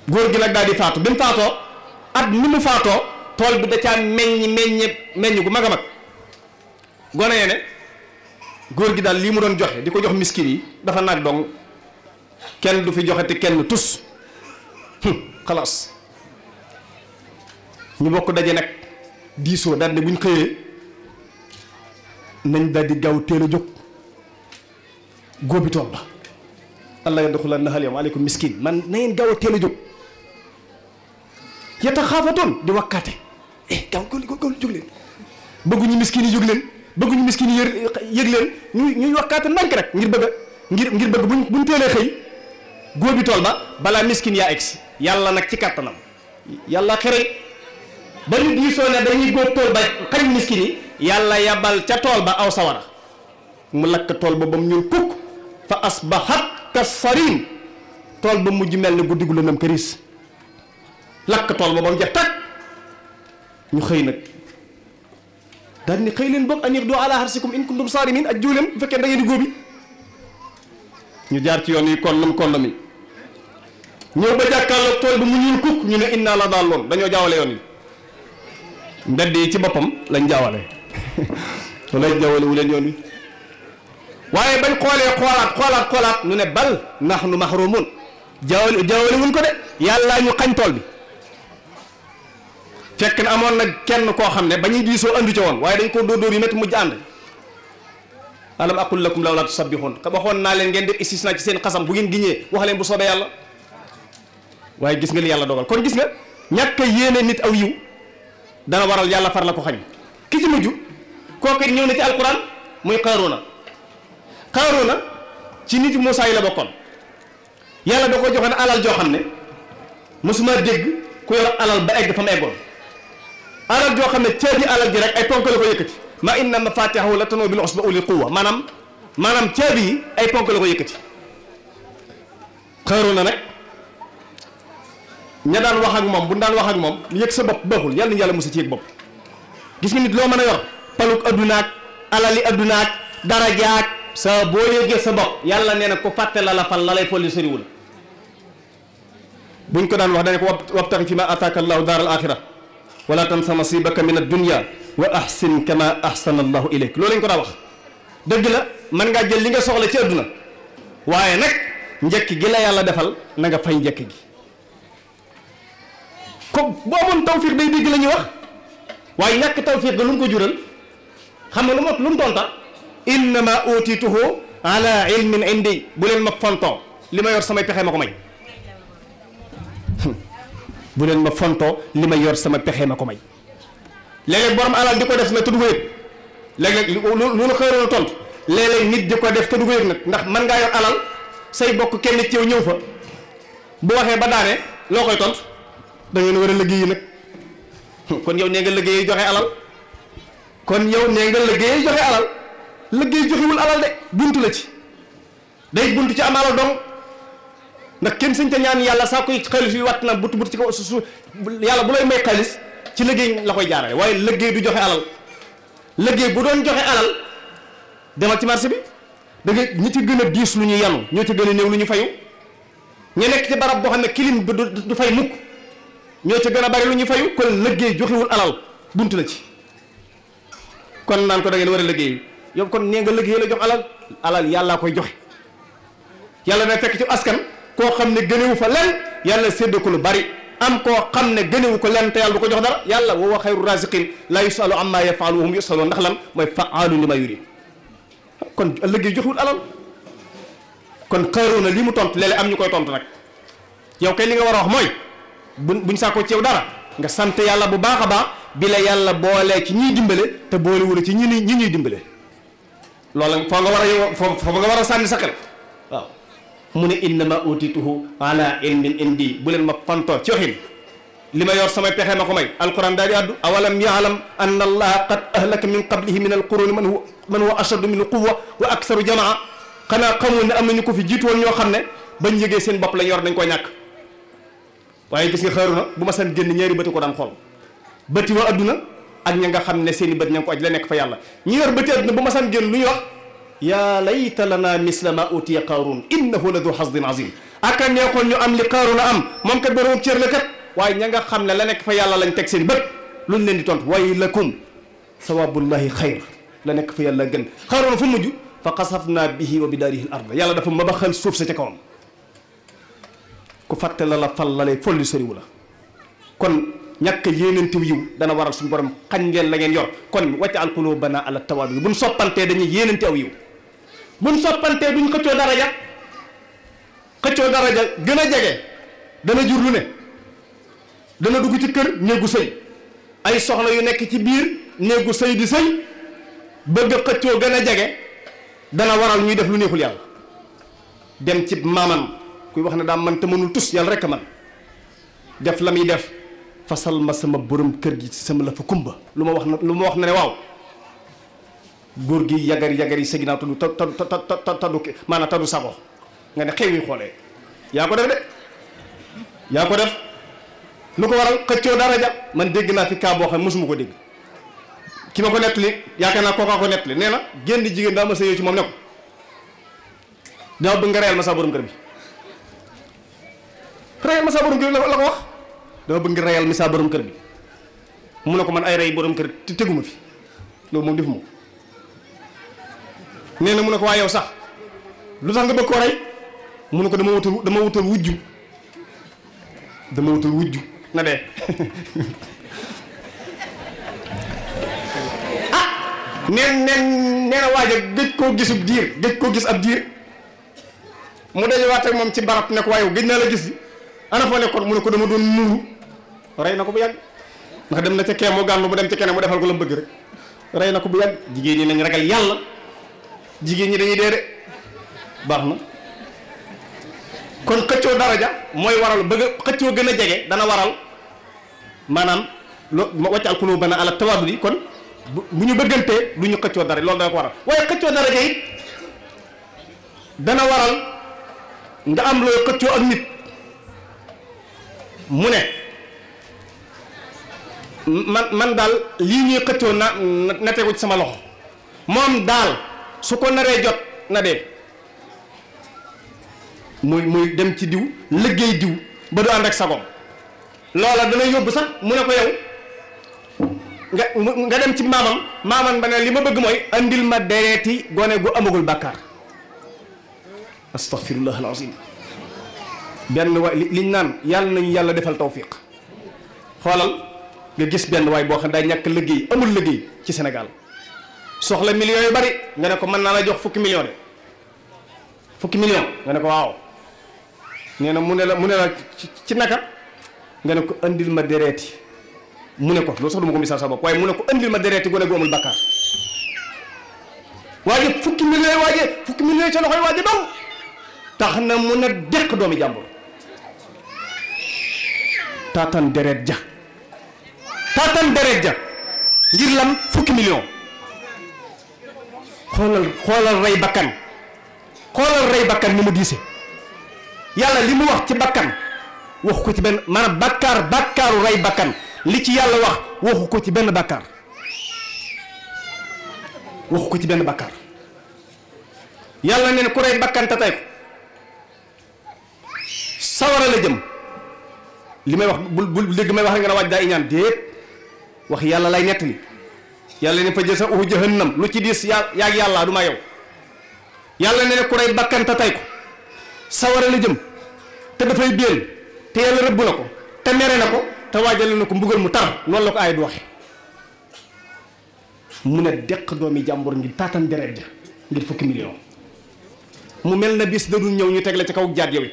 góor gi nag daal di faatu bi mu faatoo at ni mu faatoo tool bi da caa meññ meññ meññ gu mag a mag gone ne góor gi daal lii mu doon joxe di ko jox miskin yi dafa naag dong kenn du fi joxati kenn tus xalaas ñu bokk daje nag diisoo daal ne buñ xëyee nañ daal di gaaw teel a jóg góobi tool ba allah yadxula nahal yawma aleykum miskin man na ngeen gaaw a teel a jóg yetta xaafatoon di wakkaate eh gaaw gaaw gaaw jóg leen bëgguñu miskin yi jóg leen bëgguñu miskin yi yëg leen ñuy ñuy wakkaate ndànk rek ngir bëgg ngir ngir bëgg buñ buñ teelee xëy góobi tool ba balaa miskin yaa egsi yàlla nag ci kàttanam yàlla xëy ba ñu diisoo ne dañuy góob tool ba xañ miskin yi yàlla yabal ca tool ba aw sawara mu lakk tool ba ba mu ñuul kukk tool ba mujj mel ne guddi gu lëndëm këris lakk tool ñu xëy nag daal ni xëy leen boog aniq doo ala harsikum in kuntum saarimin bu fekkee da ngeen di góobi jaar ci yoon yi konnam konnam yi ñëw ba jàkkaarloog tool bi mu ñuul kukk ñu ne innaa la daal loon dañoo jaawale yoon yi mbedd yi ci boppam lañ jaawale lañ jaawale wu leen yoon wi waaye bañ xoolee xoolaat xoolaat xoolaat ñu ne bal nahnu mahrumun jaawale jaawale wuñ ko de yàllaa ñu xañ tool bi fekk na amoon nag kenn koo xam ne ba ñuy diisoo andu ca woon waaye dañ koo dóor-dóor yi métti mujj ànd alam aqul lakum lawla tusabbihun waxoon naa leen ngeen def istisna ci seen wax leen bu soobee yàlla waaye gis nga li yàlla dogal kon gis nga ñàkk a nit aw yiw dana waral yàlla far la ko xañ ki ci mujj kooku it ñëw na ci alquran muy xaaroona xaaroona ci nit Muusaa la bokkoon yàlla da ko joxoon alal joo xam ne mosuma dégg ku yor alal ba egg fa mu eggoon alal joo xam ne caabi alal ji rek ay ponk la ko yëkkati ma inna mafaatixahu la tanoo bil usba quwa maanaam maanaam caabi yi ay ponk la ko yëkkati xaaroona nag ña daan wax ak moom bu daan wax ak moom yëg sa bopp baaxul yàlla yàlla musa ci yëg bopp gis nga nit loo mën a yor paluk addunaak alali dara darajaak sa boo yëgee sa bopp yàlla nee na ko fàtte la la fal la lay folli sëriwu la buñ ko daan wax dane ko wabtaxi fi ma ataaka allahu daar al axira wala tansa nasibaka min addunia wa ahsin kama ahsana allahu ilayk loolu lañ ko daan wax dëgg la mën ngaa jël li nga soxla ci adduna waaye nag njëkk gi la yàlla defal na nga fay njëkk gi ko bu amoon tawfiq day dégg la ñuy wax waaye ñàkk tawfiq ga lu mu ko jural xam nga lu mot lu mu tonta innama utituhu ala ilmin indi bu leen ma fontoo li ma yor samay pexe ma ko may bu leen ma fontoo li ma yor sama pexe ma ko may léeg-léeg borom alal di ko def na te du ko yëg léeg-léeg lu lu xëyoon a tontu léeg-léeg nit di ko def te du ko yëg nag ndax man ngaa yor alal say bokk kenn ci yow ñëw fa bu waxee ba daane loo koy tontu. da ngeen war a liggéey nag kon yow nee nga liggéey joxe alal kon yow nee nga liggéey joxe alal liggéey joxewul alal de bunt la ci day buntu ci am alal dong ndax kenn sëñ te ñaan yàlla saa koy xaalis yu wàtt na but but ci kaw su yàlla bu lay may xaalis ci liggéey la koy jaarale waaye liggéey du joxe alal liggéey bu doon joxe alal demal ci marché bi da nga ñi ci gën a diis lu ñu yanu ñoo ci gën a néew lu ñu fayu ñu nekk ci barab boo xam ne kilim du fay mukk ñoo ci gën a bari lu ñu fayu kon liggéey joxewul alal bunt la ci kon naan ko da ngeen war a liggéey yow kon nee nga liggéey la jox alal alal yàllaa koy joxe yàlla na fekk ci askan koo xam ne gënewu fa lenn yàlla sédd lu bari am koo xam ne gënewu ko lenn te yàlla du ko jox dara yàlla woo huwa xayru raziqin laa yusalu amma yafalu wa hum yusalu ndax lan mooy faalu li ma yurid kon liggéey joxewul alal kon xaaroo na li mu tontu léeg am ñu koy tontu nag yow bu buñ sàkkoo ci yow dara nga sant yàlla bu baax a baax bila yàlla boolee ci ñuy dimbale te boolewul ci ñi ñi ñuy dimbale loolu foo nga war a foo nga war a sànni sa xel waaw mu ne ma utituhu ala ilmin indi bu leen ma fantoo ci waxin li ma yor samay pexe ma ko may alquran daal di addu awalam yaalam an allaha qad ahlaka min qablihi min alquruni man huwa man huwa ashaddu min quwwa wa aksaru jamaa xanaa xamul ne am nañu ko fi jiitu woon ñoo xam ne ba bañ yëgee seen bopp lañ yor dañ ko ñàkk waaye gis nga xaaruna bu ma san génn ñaari bëti ko daan xool bëti wa adduna ak ña nga xam ne seen i bët ña ngi ko aj la nekk fa yàlla ñi yor bëti adduna bu ma san génn lu ñuy wax yaa layta lana misla ma utiya qaarun innahu la du xasdin azim aka neexoon ñu am li qaaruna am moom kat boroom cër la kat waaye ña nga xam ne la nekk fa yàlla lañ teg seen bët luñ leen di tontu way lakum sawabullahi xayr la nekk fa yàlla gën xaaruna fu mujj fa xasafna bihi wa bi daarihi al ard dafa ma baxal suuf sa ca kawam ku fàtte la la fal la lay folli sëriwu la kon ñàkk yéenante yiw dana waral suñu borom xañ leen la ngeen yor kon wacca alkuloo bana ala tawaadu buñ soppantee dañuy yéenante aw yiw buñ soppantee duñ xëccoo daraja xëccoo daraja gën a jege dana jur lu ne dana dugg ci kër néegu sëy ay soxla yu nekk ci biir néegu sëy di sëy bëgg xëccoo gën a jege dana waral ñuy def lu neexul yàlla dem ci maamam kuy wax na daa man te mënul tus yàlla rek a man def la muy def fasal ma sama borom kër gi ci sama la fa kumba lu ma wax na lu ma wax na ne waaw góor gi yagar yagar yi sëgg naa taddu ta taddu maanaam taddu sago nga ne xew yi xoolee yaa ko def de yaa ko def lu ko waral xëccoo dara ja man dégg naa fi kaa boo xam mosuma ko dégg ki ma ko nettali yaakaar naa kookaa ko nettali nee na génn jigéen daa ma sëyee ci moom ne ko daaw bëgg nga reyal ma sa borom bi reyal ma saa borom kër la ko wax dama bëgg nga reyal ma borom kër bi mun ne ko man ay rey borom kër te teguma fi loolu moom defuma ko nee na mu ne ko waa yow sax lu tax nga bëgg koo rey mu ne ko dama wutal dama wutal wujju dama wutal wujju na dee ah neen neen waaja gëj koo gisub diir gëj koo gis ab diir mu dajewaat ak moom ci barab ne ko waaye gëj naa la gis ana foo kon mu ne ko dama doon nuru rey na ko bu yàgg ndax dem na ca kee mu gànnu mu dem ca keneen mu defal ko la mu bëgg rek rey na ko bu yàgg jigéen ñi nañ ragal yàlla jigéen ñi dañuy dee de baax na kon xëccoo daraja mooy waral bëgg xëccoo gën a jege dana waral maanaam loo wàccal ba bana ala tawaadu yi kon bu ñu bëggantee lu ñu xëccoo dara loolu dana ko waral waaye xëccoo daraja it dana waral nga am loo xëccoo ak nit mu ne man man daal lii ñuy xëccoo na na tegu ci sama loxo moom daal su ko naree jot na dee muy muy dem ci diw liggéey diw ba du ànd ak sagom loola dana yóbbu sax mu ne ko yow nga nga dem ci maamam maamam ba ne li ma bëgg mooy andil ma dereeti gone gu amagul bàkkaar astaghfirullah benn waay liñ naan yàlla nañu yàlla defal tawfiq xoolal nga gis benn waay boo xam ne day ñàkk liggéey amul liggéey ci Sénégal soxla million yu bari nga ne ko mën naa la jox fukki million de fukki million nga ne ko waaw nee na mu ne la mu ne la ci naka nga ne ko andil ma dereeti mu ne ko loolu sax duma ko misaal sa bopp waaye mu ne ko andil ma dereeti gone gu amul bakkaar waaye fukki million waaje fukki million ca loxoy waaje daw tax na mun a deq doomi jàmbur taatan deret ja taatan deret ja ngir lan fukki million xoolal xoolal rey bakkan xoolal rey bakkan ni mu diise yàlla li mu wax ci bakkan waxu ko ci benn maanaam bakkaar bakkaaru rey bakkan li ci yàlla wax waxu ko ci benn bakkaar waxu ko ci benn bakkaar yàlla ne ku rey bakkan ta tey ko sawara jëm li may wax bu bu dégg may wax rek nga ne waaj daa iñaan déet wax yàlla lay nettali yàlla ne fa jasa uhu jahannam lu ci diis yaa yaag yàlla du ma yow yàlla ne ne ku rey bakkan tey ko sawara la jëm te dafay béel te yàlla rëbb na ko te mere na ko te waajal na ko mbugal mu tar loolu la ko aay du waxe mu ne deq doomi jàmbur ngir taatan deret ja ngir fukki million mu mel na bis da ñëw ñu tegle ci kaw jaat yow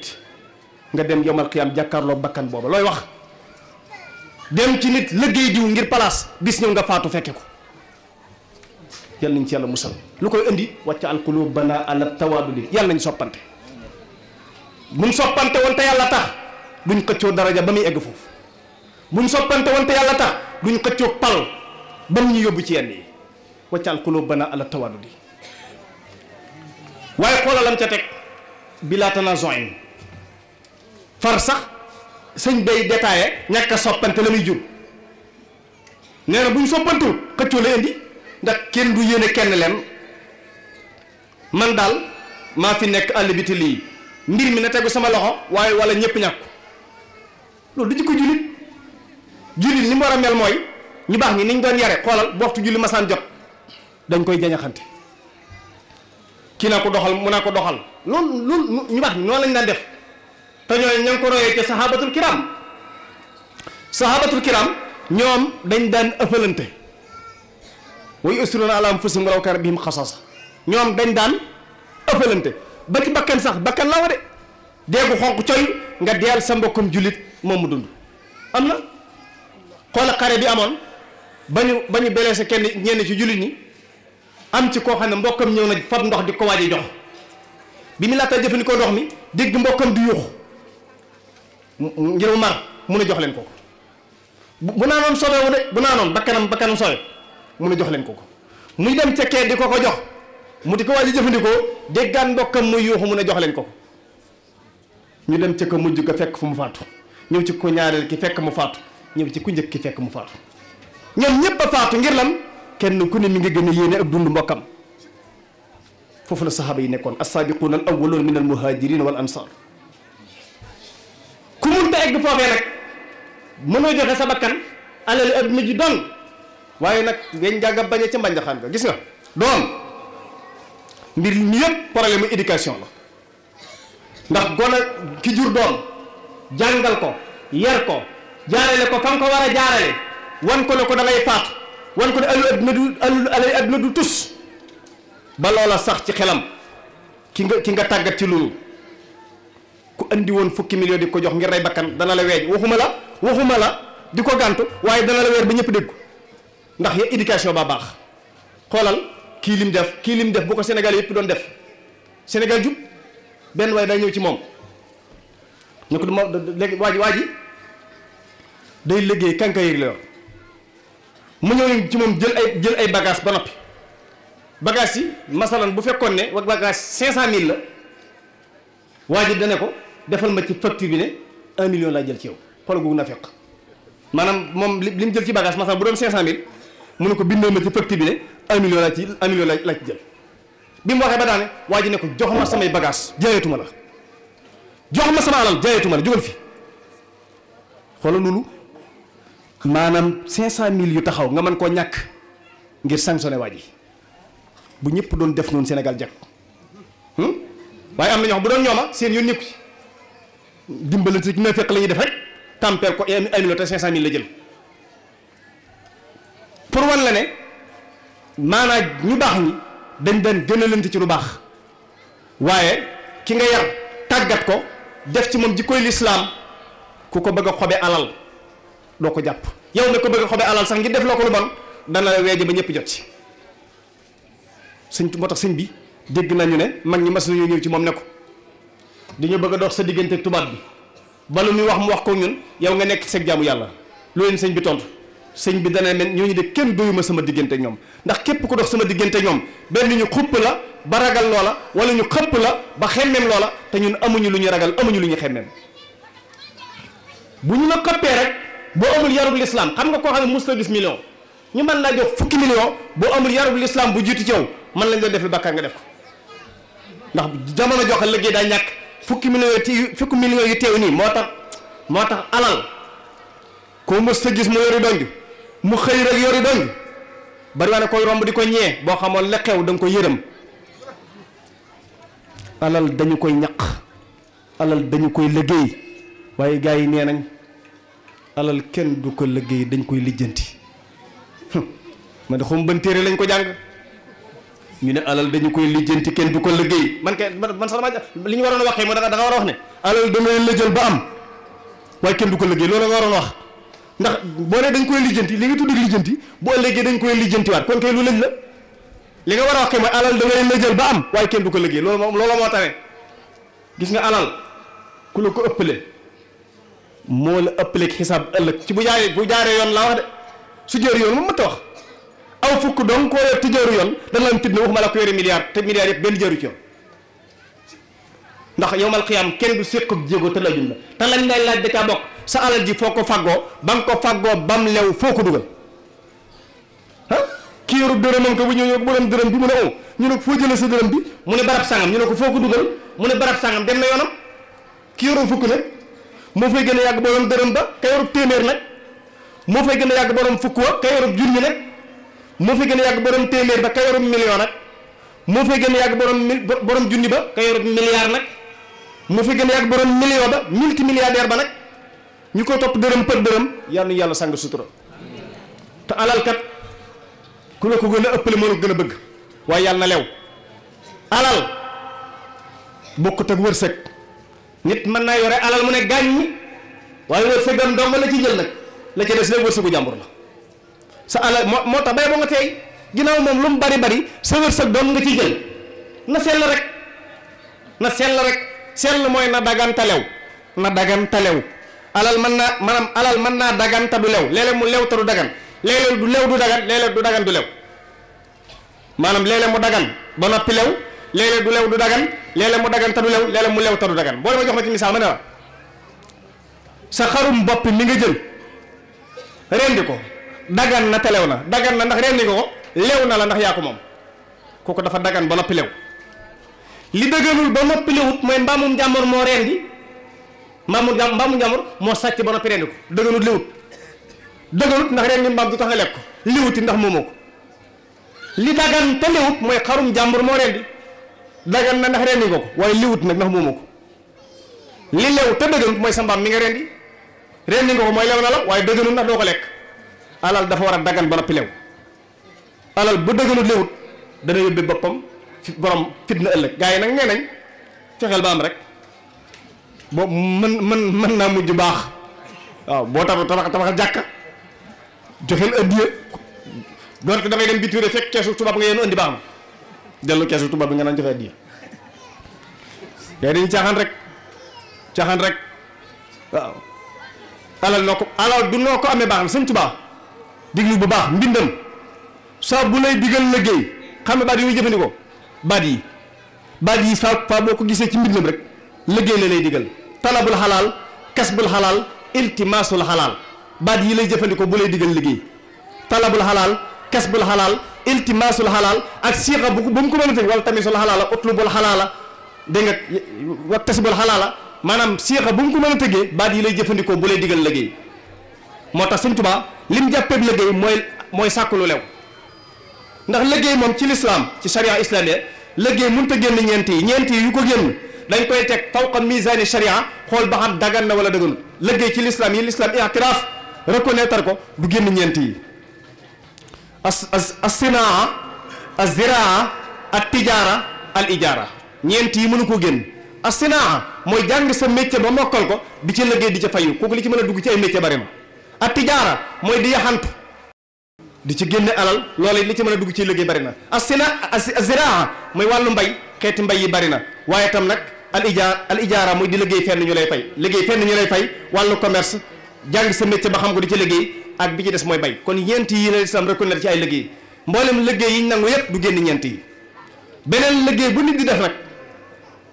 nga dem yomal xiyaam jàkkaarloo bakkan booba looy wax dem ci nit liggéey diw ngir palaas bis ñëw nga faatu fekke ko yal nañ ci yàlla musal lu koy indi wàcc al qulubana ala tawaadudi yal nañ soppante soppante woon te yàlla tax duñ xëccoo daraja ba muy egg foofu buñ soppante woon te yàlla pal ba mu ñu yóbbu ci yenn yi wàcc al qulubana ala tawaadudi waaye xoolalam ca teg bila tanaazu'in far sax sëñ bay détaillé ñàkk a soppante la muy jur nee na bu ñu soppantuwul xëccoo la indi ndax kenn du yéene kenn leen man daal maa fi nekk àll bi te lii mbir mi na tegu sama loxo waaye wala ñëpp ñàkk loolu du ci ko jullit jullit ni mu war a mel mooy ñu baax ñi niñ doon yare xoolal bu waxtu julli masaan jot dañ koy jañaxante kii naa ko doxal mun naa ko doxal loolu loolu ñu baax ñi noonu lañ daan def te ñooñu ña ko royee ca saxaabatul kiram saxaabatul kiram ñoom dañ daan ëppalante way usruna ala anfusihim walaw kaana bihim xasaasa ñoom dañ daan ëppalante ba ci bakkan sax bakkan la wa de déegu xonq coy nga deel sa mbokkum jullit moom mu dund am na xoola xare bi amoon ba ñu ba ñu sa kenn ñenn ci jullit ñi am ci koo xam ne mbokkam ñëw na fab ndox di ko waaje jox bi mu laata jëfandikoo ndox mi dégg mbokkam di ngir mu mar mu ne jox leen ko bu naanoon sobewu de bu naanoon bakkanam bakkanam sobe mu ne jox leen ko ko muy dem ca di ko ko jox mu di ko waaj a jëfandikoo déggaan mbokkam muy yuuxu mu ne jox leen ko ñu dem ca ko mujj ko fekk fu mu faatu ñëw ci ku ñaareel ki fekk mu faatu ñëw ci ku njëkk ki fekk mu faatu ñoom ñëpp a faatu ngir lan kenn ku ne mi ngi gën a yéene ak dund mbokkam foofu la saxaaba yi nekkoon as-saabiquuna al awwaluuna min al muhaajiriina wal ansaar ku mun ta egg foofee nag mënoo joxe sa bakkan alali adduna ji doon waaye nag weñ njànga bañ a ca mbanjaxaan nga gis nga doon mbir mi yëpp problème éducation la ndax gone ki jur doom jàngal ko yar ko jaarale ko fa ko war a jaarale wan ko ne ko da ngay faat wan ko ne alu adduna du alu alali adduna du tus ba loola sax ci xelam ki nga ki nga tàggat ci loolu ku andi woon fukki million di ko jox ngir rey bakkan dana la weej waxuma la waxuma la di ko gàntu waaye dana la weer ba ñëpp dégg ndax ya ba baax xoolal kii lim def kii lim def bu ko Sénégal yëpp doon def Sénégal jub benn waaye day ñëw ci moom ñu ko moom léegi waa ji waa day liggéey kànkayir la mu ñëw ci moom jël ay jël ay bagage ba noppi bagage yi masalan bu fekkoon ne bagage cinq cent mille la waa ji dane ko defal ma ci facture bi ne un million laa jël ci yow xoolal googu na fekk maanaam moom li mu jël ci bagage masal bu doon cinq cent mille mu ne ko bindoo ma ci facture bi ne un million laa ci un million laa ci jël bi mu waxee ba daane waa ji ne ko jox ma samay bagage jaayatuma la jox ma sama alal jaayatuma la jógal fi xoolal loolu maanaam cinq cent mille yu taxaw nga mën koo ñàkk ngir sanctionné waa ji bu ñëpp doon def noonu Sénégal jag hmm? waaye na ñoo xam bu doon seen yoon nekku ci dimbalante ci na fekk la ñuy def rek tampeel ko ay million te cinq cent mille la jël pour wan la ne maanaam ñu baax ñi dañ daan gënalante ci lu baax waaye ki nga yar tàggat ko def ci moom jikkoy lislaam ku ko bëgg a xobe alal doo ko jàpp yow ne ko bëgg xobe alal sax ngi def loo ko lu bon dana la weeje ba ñëpp jot ci sëñ moo tax sëñ bi dégg nañu ne mag ñi mas nañoo ñëw ci moom ne ko dañoo bëgg a dox sa diggante tubaab bi balu muy wax mu wax ko ñun yow nga nekk seg jaamu yàlla loolu leen sëñ bi tontu sëñ bi dana men ñooñu de kenn doyuma sama diggante ñoom ndax képp ku dox sama diggante ñoom benn ñu xupp la ba ragal loola wala ñu xëpp la ba xemmeem loola te ñun amuñu lu ñu ragal amuñu lu ñu xemmeem bu ñu la xëppee rek boo amul yarub lislaam xam nga koo xam ne mos la gis million ñu mën laa jox fukki million boo amul yarub lislaam bu jiitu ci yow lañ doon def lu nga def ko ndax jamono joxe liggéey daa ñàkk fukki millions yi fukki millions yu teew nii moo tax moo tax alal koo mës sa gis mu yori donj mu xëy yori donj bari koy romb di ko ñee boo xamoon la danga da ko yërëm alal dañu koy ñaq alal dañu koy liggéey waaye gaa yi nee nañ alal kenn du ko liggéey dañ koy lijjanti man de xom ban lañ ko jàng ñu ne alal dañu koy lijjanti kenn du ko liggéey man kay man sax dama li ñu waroon a waxee mooy da war a wax ne alal dama leen la jël ba am waaye kenn ko liggéey loolu nga waroon a wax ndax boo ne dañ koy lijjanti li nga tudd lijjanti boo léegi dañ koy lijjantiwaat kon kay lu lëj la li nga war a wax kay mooy alal dama leen la ba am waaye kenn du ko liggéey loolu moom loolu moo tawee gis nga alal ku la ko ëppale moo la ëppale xisaab ëllëg ci bu jaaree bu jaaree yoon laa wax de su jër yoon moom mënta wax aw fukk dong koo yor te jaaru yoon dana yore milliard te milliard yëpp benn jaaru ci yoon ndax yowmal xiyaam kenn du séq jéego te laajul la te lañ lay laaj da caa bokk sa alal ji foo ko faggoo ba nga ko faggoo bam lew foo ko dugal ah kii yoru dërëmam ko bu ñëw ñëw borom dërëm bi mu ne oh ñu ne foo jëlee sa dërëm bi mu ne barab sàngam ñu ne ko foo ko dugal mu ne barab sàngam dem na yoonam ki yoru fukk nag moo fay gën a yàgg borom dërëm ba ka yoru téeméer moo fay gën a yàgg fukk wa ka yoru moo fi gën a yàgg borom téeméer ba ka yorum million nag moo fi gën a yàgg borom mil borom junni ba ka yorum milliard nag moo fi gën a yàgg borom million ba multi milliardaire ba nag ñu ko topp dërëm pët dërëm yal na yàlla sàng sutura te alal kat ku la ko gën a ëppale moo la gën a bëgg waaye yàlla na lew alal bokkut ak wërsëg nit mën naa yore alal mu ne gàññ waaye doom dong la ci jël nag la ca des léegi wërsëgu jàmbur la. sa alal moo moo tax bay ba nga tey ginnaaw moom lu mu bari bari sa wërsëg doon nga ci jël na sell rek na sell rek sell mooy na dagantalew na dagantalew alal mën naa maanaam alal mën naa daganta du lew léeg mu lew ta du dagan léeg lew du dagan léeg du dagan du lew maanaam léeg mu dagan ba noppi lew léeg-léeg du lew du dagan léeg mu dagan ta du lew mu lew ta du boo dama jox ma ci misaal ma ne la sa xarum bopp mi nga jël rendi ko dagan na te lew na daggan na ndax rendi nga ko lew na la ndax yaa ko moom kooku dafa dagan ba noppi lew li dëgganul ba noppi lewut mooy mbaamum jàmbur moo rendi ba noppi ko dëgganut lewut ndax rendi mbaam du tax nga lekk ko lewuti ndax moomoo ko li dagan mooy xarum jàmbur moo rendi dagan na ndax rendi ko waaye lewut nag ndax moomoo ko li lew te dëgganut mooy sa mbaam mi nga rendi rendi nga ko mooy lew na la waaye dëgganut ndax doo ko lekk alal dafa war a dagan ba noppi lew alal bu dëgganut lewut dana yóbbi boppam fi borom na ëllëg gaa yi na nee nañ fexeel ba am rek boobu mën mën mën naa mujj baax waaw boo tax tabax tabax jàkka joxeel ëddiya doonte dangay dem bitim réew fekk keesu tubaab nga yéen andi baax na dellu keesu tubaab bi nga naan joxe ëddiya yaa dañu caaxaan rek caaxaan rek waaw alal noo ko alal du noo ko amee baax na sëñ Tuubaa diglu bu baax mbindam saa bu lay digal liggéey xam ne baat yi muy jëfandikoo baat yi baat yi saa faa boo ko gisee ci mbindam rek liggéey la lay digal talabul xalaal kasbul xalaal iltimaasul xalaal baat yi lay jëfandikoo bu lay digal liggéey talabul xalaal kasbul xalaal iltimaasul xalaal ak siixa bu bu mu ko mën a tëj wala tamisul xalaala utlubul xalaala dégg nga wa kasbul xalaala maanaam siixa bu mu ko mën a baat yi lay jëfandikoo bu lay diggal liggéey moo tax sëñ Tuubaa lim jàppeeb liggéey mooy mooy sàkku lu lew ndax liggéey moom ci lislaam ci charia islamiyya liggéey mënut a génn ñeenti yi ñeenti yi yu ko génn dañ koy teg fawqa misaani charia xool ba xam dagan na wala daganul liggéey ci lislaam yi lislaam i'tiraaf reconnaître ko du génn ñeenti yi as as as sinaa as ziraa at tijaara al ijaara ñeenti yi mënu koo génn as sinaa mooy jàng sa métier ba mokkal ko di ci liggéey di ca fayu kooku li ci mën a dugg ci ay métier ak tijaara mooy di yaxantu di ci génne alal loolee li ci mën a dugg ci liggéey bari na as sina ziraa mooy wàllu mbay xeeti mbay bari na waaye tam nag al ijaar al ijaara mooy di liggéey fenn ñu lay fay liggéey fenn ñu lay fay wàllu commerce jàng sa métier ba xam ko di ci liggéey ak bi ci des mooy bay kon ñeent yi la islam reconnaître ci ay liggéey mboolem liggéey yi ñu nangu yépp du génn ñeent yi beneen liggéey bu nit di def nag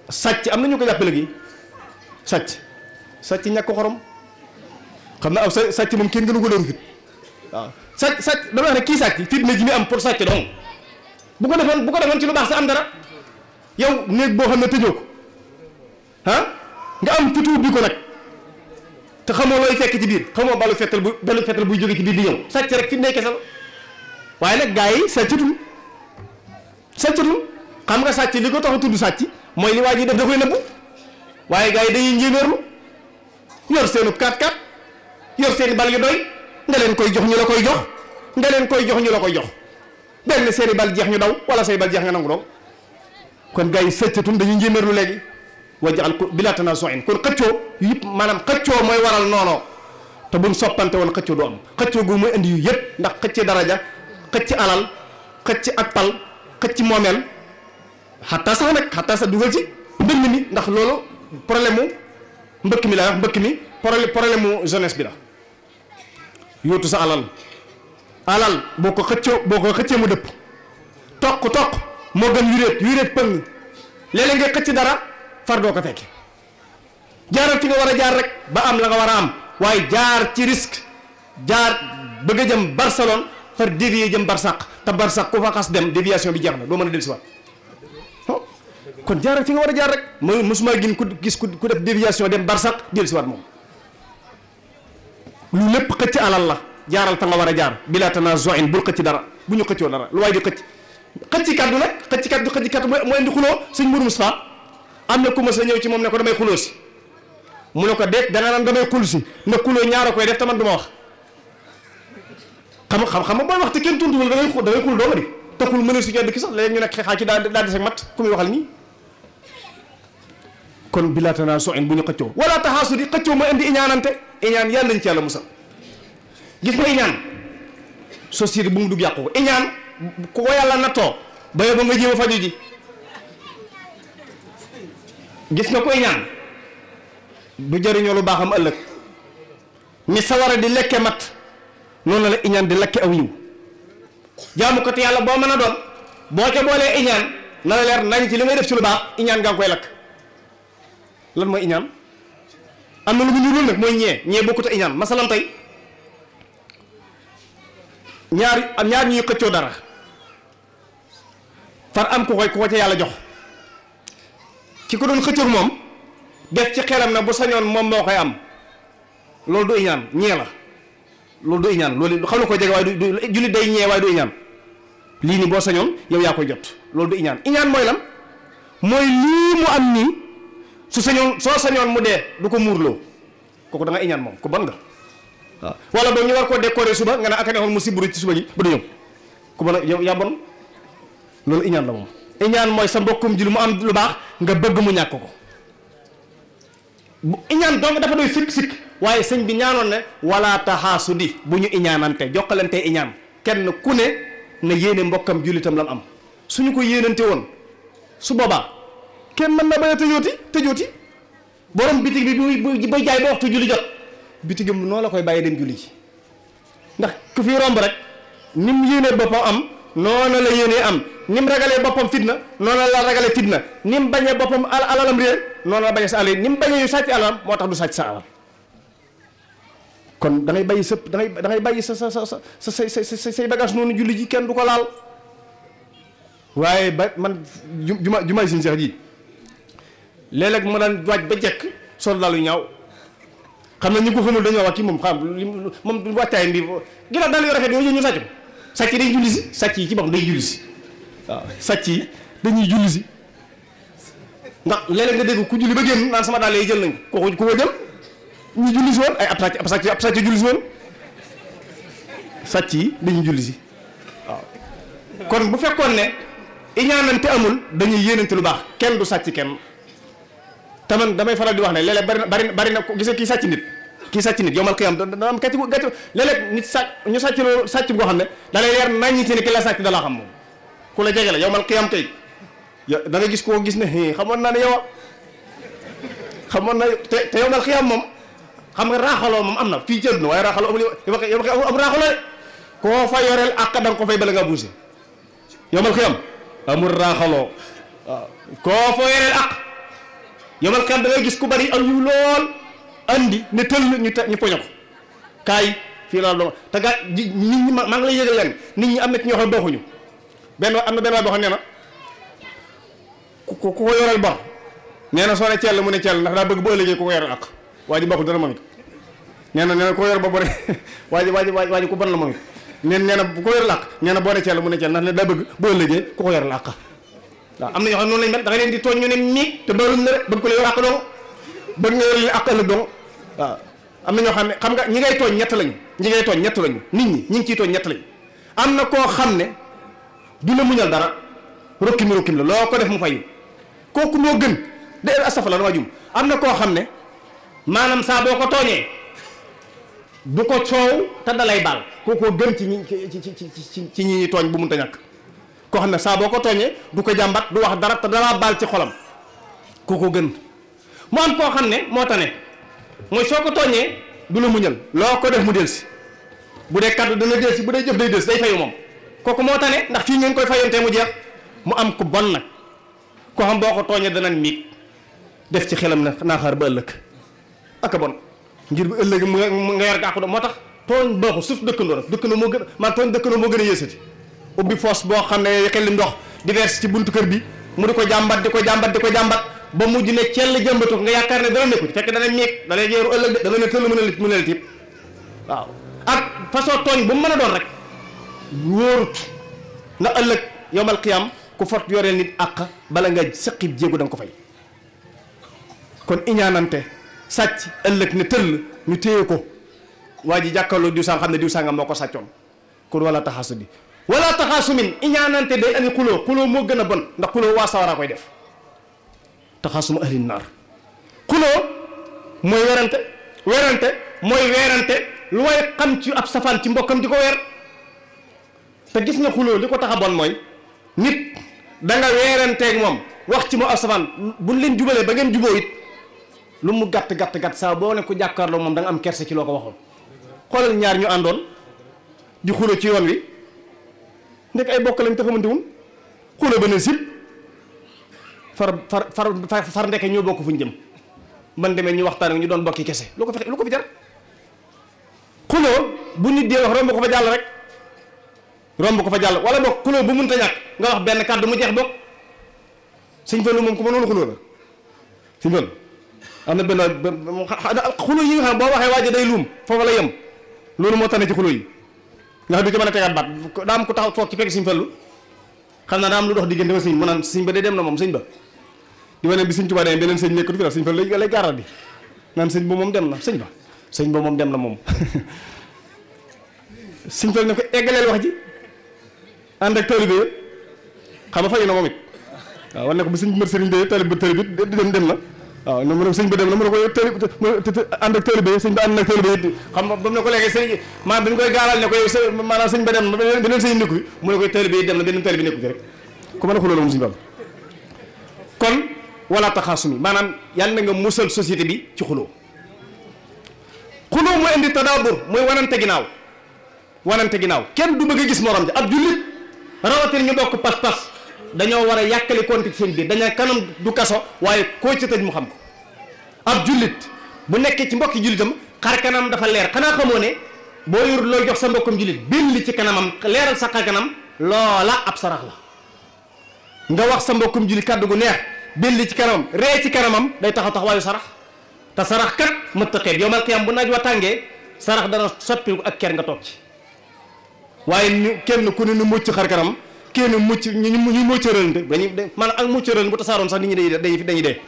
sàcc am na ñu ko jàppe liggéey sàcc sàcc ñàkk xorom xam na aw sa sàcc moom kenn gënu ko dooru fit waaw sàcc sàcc dama wax ne kii sàcc fitna ji mi am pour sàcc dong bu ko defoon bu ko defoon ci lu baax sa am dara yow néeg boo xam ne tëjoo ko ah nga am fitu ubbi ko nag te xamoo looy fekk ci biir xamoo balu fettal bu balu fettal buy jóge ci biir di ñëw sàcc rek fitna kese waaye nag gaa yi sàccatul sàccatul xam nga sàcc li ko tax a tudd sàcc mooy li waa ji def da koy nëbbu waaye gaa yi dañuy njéeméerlu yor seenu 4-4 yor seeni bal yu doy nga leen koy jox ñu la koy jox nga leen koy jox ñu la koy jox benn seeni bal jeex ñu daw wala say bal jeex nga nangu doom kon gars yi sëccatun dañuy njéeméerlu léegi wajaxal ku bilaa tanaasuin kon xëccoo yëpp maanaam xëccoo mooy waral noonoo te buñ soppante woon xëccoo du am xëccoo gu mooy indi yu yëpp ndax xëcc daraja xëcc alal xëcc ak pal xëcc moomeel xataa sax nag xataa sax dugal ci mbënd mi ndax loolu problème mu mbëkk mi laa wax mbëkk mi problème mu jeunesse bi la yootu sa alal alal boo ko xëccoo boo ko xëccee mu dëpp toq toq moo gën yuréet yuréet pëng léeg-léeg nga xëcc dara far doo ko fekke jaaral fi nga war a jaar rek ba am la nga war a am waaye jaar ci risque jaar bëgg a jëm Barcelone far dévier jëm Barsaq te Barsaq ku fa xas dem déviation bi jeex na doo mën a dem si waat oh. kon jaaral fi nga war a jaar rek mooy mosuma gin ku gis ku def déviation dem Barsaq jël si waat moom lu lépp xëcc alal la jaaral fa nga war a jaar bila tanaazu'in bul xëcc dara bu ñu xëccoo dara lu waay di xëcc xëcc kaddu nag xëcc kaddu xëcc kaddu mooy indi xuloo sëñ Mourou Moustapha am na ku ma sa ñëw ci moom ne ko damay xuloo si mu ne ko déet da nga naan damay xul si ndax xuloo ñaara koy def taman du ma wax xam xam xam booy wax te kenn tuntuwul da ngay xul doo te xul mënee si ñoo dëkk sax léegi ñu nekk xeexaa ci daa daa des ak mat ku kon bi laa tanaasu in bu ñu xëccoo wala taxaasudi xëccoo ma indi iñaanante iñaan yàlla nañ ci yàlla musal gis nga iñaan société bu mu dugg yàqu ko iñaan ku ko yàlla nattoo ba yow ba nga a faju ji gis nga ko iñaan du jëriñoo lu baaxam ëllëg ni sawara di lekke mat noonu la iñaan di lekke aw yiw jaamukati yàlla boo mën a doon boo ca boolee iñaan na la leer nañ ci li ngay def ci lu baax iñaan nga koy lakk lan mooy iñaan am na lu mu nirul nag mooy ñee ñee bokkut a iñaan masalan tay ñaar am ñaar ñuy xëccoo dara far am ku koy ku ko ca yàlla jox ki ko doon xëccoo moom def ci xelam na bu sañoon moom moo koy am loolu du iñaan ñee la loolu du iñaan loolu xam na koy jege waaye du du day ñee waaye du iñaan lii nii boo sañoon yow yaa koy jot loolu du iñaan iñaan mooy lan mooy lii mu am nii su sañoon soo sañoon mu dee du ko muurloo kooku da nga iñaan moom ku bon nga waaw ah. wala boog ñu war koo décorer suba nga ne aka neexoon mu siburu ci suba ji ba du ñëw ku bon yow yaa loolu iñaan la moom iñaan mooy sa mbokkum ji lu mu am lu baax nga bëgg mu ñàkk ko bu iñaan donc dafa doy sikk sikk waaye sëñ bi ñaanoon ne wala su di bu ñu iñaanante jokkalante iñaan kenn ku ne na yéene mbokkam jullitam lam am suñu ko yéenante woon su boobaa kenn mën na ba a tëjooti tëjooti borom bitig bi bu bay jaay ba waxtu julli jot bitigam noo la koy bàyyi dem julli ji ndax ku fi romb rek ni mu yéenee boppam am noona la yéenee am ni ragalee boppam fitna noona la ragalee fitna ni mu bañee boppam al alalam réer noona la bañee sa alal ni mu bañee yu sàcc alalam moo tax du sàcc sa alal kon da ngay bàyyi sëpp da ngay da ngay bàyyi sa sa sa sa say say say bagage noonu julli ji kenn du ko laal waaye ba man juma jumaay Sëñ Seex léeg ma daan waaj ba jekk sol daal yu ñaaw xam na ñu ko xamul dañoo wax ci moom xam moom du wàccaay bi ginnaaw daal yu rafet yooyu ñu sàcc ko sàcc yi dañuy julli si ci boppam day julli si waaw sàcc yi si ndax léeg-léeg nga dégg ku julli ba génn naan sama daal yi jël nañ kooku ko jël ñu julli si woon ay ab sàcc ab sàcc ab sàcc julli si woon sàcc yi dañuy julli si waaw kon bu fekkoon ne iñaanante amul dañuy yéenante lu baax kenn du sàcc kenn te man damay faral di wax ne léeg-léeg bari na bari na bari na gis nga kii sàcc nit kii sàcc nit yomal xiyam dana am da lay leer nañ ñi ci ne ki la sàcc da laa xam moom ku la jege gis koo gis ne xamoon naa ne xamoon na te te yomal xiyam moom xam nga raaxaloo moom am na fii ci àdduna waaye raaxaloo amul yomal xiyam amul raaxaloo koo fa yoreel ak da nga ko fay bala ngaa bougé yomal xiyam amul raaxaloo waaw koo fa yoreel àq yomal kan da gis ku bari aw yiw lool andi ne tël ñu ñu poño ko kaay fii laa doon te gaa nit ñi maa ngi lay yëgal leen nit ñi am na ci ñoo xam doxuñu benn am na benn waay boo xam ne na ku ku ko yoreel bor nee na soo ne ceel mu ne ceel ndax bëgg bu ëllëgee ko yoreel waa ji bokkul dara moom it na nee na waa ji waa ji waa ji ku bon la moom nee na bu ko yoreel ak nee boo ne ceel mu ne ceel ndax ne daa bëgg bu ëllëgee ku ko yoreel ak waaw am na ñoo xam noonu lañ mel da nga leen di tooñ ñu ne miig te baaluñ la rek bëgg ko la yor àq dong bëgg nga yor leen àq ëllëg dong waaw am na ñoo xam ne xam nga ñi ngay tooñ ñett lañu ñi ngay tooñ ñett lañu nit ñi ñi ngi ciy tooñ ñett lañu am na koo xam ne du la muñal dara rokkim rokkim loo ko def mu fayu kooku moo gën de astafala am na koo xam ne maanaam saa boo ko tooñee du ko coow te dalay baal kookoo gën ci ñi ci ci ci ci ñi tooñ bu mun ta ñàkk koo xam ne saa boo ko tooñee du ko jàmbat du wax dara te dalaa baal ci xolam ku ko gën mu am koo xam ne moo tane mooy soo ko tooñee du la muñal loo ko def mu delsi bu dee kàddu dana delsi bu dee jëf day delsi day fayu moom kooku moo tane ndax fii ngeen koy fayantee mu jeex mu am ku bon nag koo boo ko tooñee danañ miig ci xelam na naaxaar ba ëllëg ak a bon ngir bu ëllëg mu nga yar ga moo tax tooñ baaxu suuf dëkkandoo nag dëkkandoo moo gën maa tooñ dëkkandoo moo gën a yéesati ubbi foos boo xam ne xelli ndox di ci buntu kër bi mu di ko jàmbat di ko jàmbat di ko jàmbat ba mujj ne cell jëmbatu nga yaakaar ne dara nekku ci fekk dana nekk dana yeeru ëllëg de dana ne mën a a lit waaw ak façon tooñ bu mu mën a doon rek wóorut na ëllëg yowmal qiyam ku fort yoreel nit àq bala nga sëqib jéegu da ko fay kon iñaanante sàcc ëllëg ne tëll ñu téye ko waa ji jàkkaarloo diw sàngam xam ne diw sàngam moo ko sàccoon kon wala taxasu bi wala taxaasumin iñaanante day ani xuloo xuloo moo gën a bon ndax xuloo waa sawara koy def taxaasuma ahli naar xuloo mooy werante werante mooy weerante lu way xam ci ab safaan ci mbokkam di ko weer gis nga xuloo li ko tax mooy nit da nga weeranteeg moom wax ci moom ab safaan buñ leen jubalee ba ngeen juboo it lu mu gàtt gàtt gàtt saa boo ne ko jàkkaarloo moom da am kerse ci loo ko waxoon xoolal ñaar ñu àndoon di xuloo ci yoon wi nekk ay bokk lañ te xamante wuñ xula ba ne sib far far far far ndeke ñoo bokk fu jëm man demee ñu waxtaan ak ñu doon bokki kese lu ko fexe lu ko fi jar xuloo bu nit dee wax romb ko fa jàll rek romb ko fa jàll wala boog xuloo bu mënta ñàkk nga wax benn kàddu mu jeex boog sëñ Fallu moom ku mënoon xuloo la sëñ Fallu am na benn xuloo yi nga xam boo waxee waaja day luum foofu la yem loolu moo tane ci xuloo yi nga xam du ci mën a tegaat baat daa am ku taxaw toog ci fekk Sëñ Fallu xam naa daa am lu dox diggante ma sëñ mu naan sëñ ba day dem na moom sëñ ba di wane bi sëñ Tuubaa demee beneen sëñ nekkatu fi la sëñ Fallu bi naan sëñ ba moom dem na sëñ ba sëñ ba moom dem na moom sëñ Fallu ne ko eggaleel wax ji ànd ak taalibe yëpp xam nga fayu na moom it waaw wan ne ko bi sëñ bi mër sëriñ bi taalibe taalibe bi dem dem na waaw na mu ne sëñ bi dem na mu ne ko yow tëli ànd ak tëli bi sëñ bi ànd na ak tëli bi xam nga ba mu ne ko léegi sëñ bi maanaam dañ koy gaaral ne ko yow maanaam sëñ ba dem na beneen sëñ nekku fi mu ne koy tëli bi dem na beneen tëli bi nekku fi rek ku mën a xuloo la moom sëñ Bamba kon wala taxaasumi maanaam yàlla na nga musal société bi ci xuloo xuloo mooy indi tadaabur mooy wanante ginnaaw wanante ginnaaw kenn du bëgg a gis morom ja ab jullit rawatina ñu bokk pas-pas dañoo war a yàkkali konti ci seen biir dañoo kanam du kaso waaye koo ci tëj mu xam ko ab jullit bu nekkee ci mbokki jullitam xar kanam dafa leer xanaa xamoo ne boo yor looy jox sa mbokkum jullit bind li ci kanamam leeral sa xar kanam loola ab sarax la nga wax sa mbokkum jullit kàddu gu neex bind li ci kanamam ree ci kanamam day taxaw taxawaayu sarax te sarax kat mëtta xeeb yow mal xiyaam bu naaj wa tàngee sarax dana soppiku ak ker nga toog ci waaye ñu kenn ku ne nu mucc xar kanam kenn mucc ñu muccëralante dañuy maanaam ak muccëralante bu tasaaroon sax nit ñi dañuy dee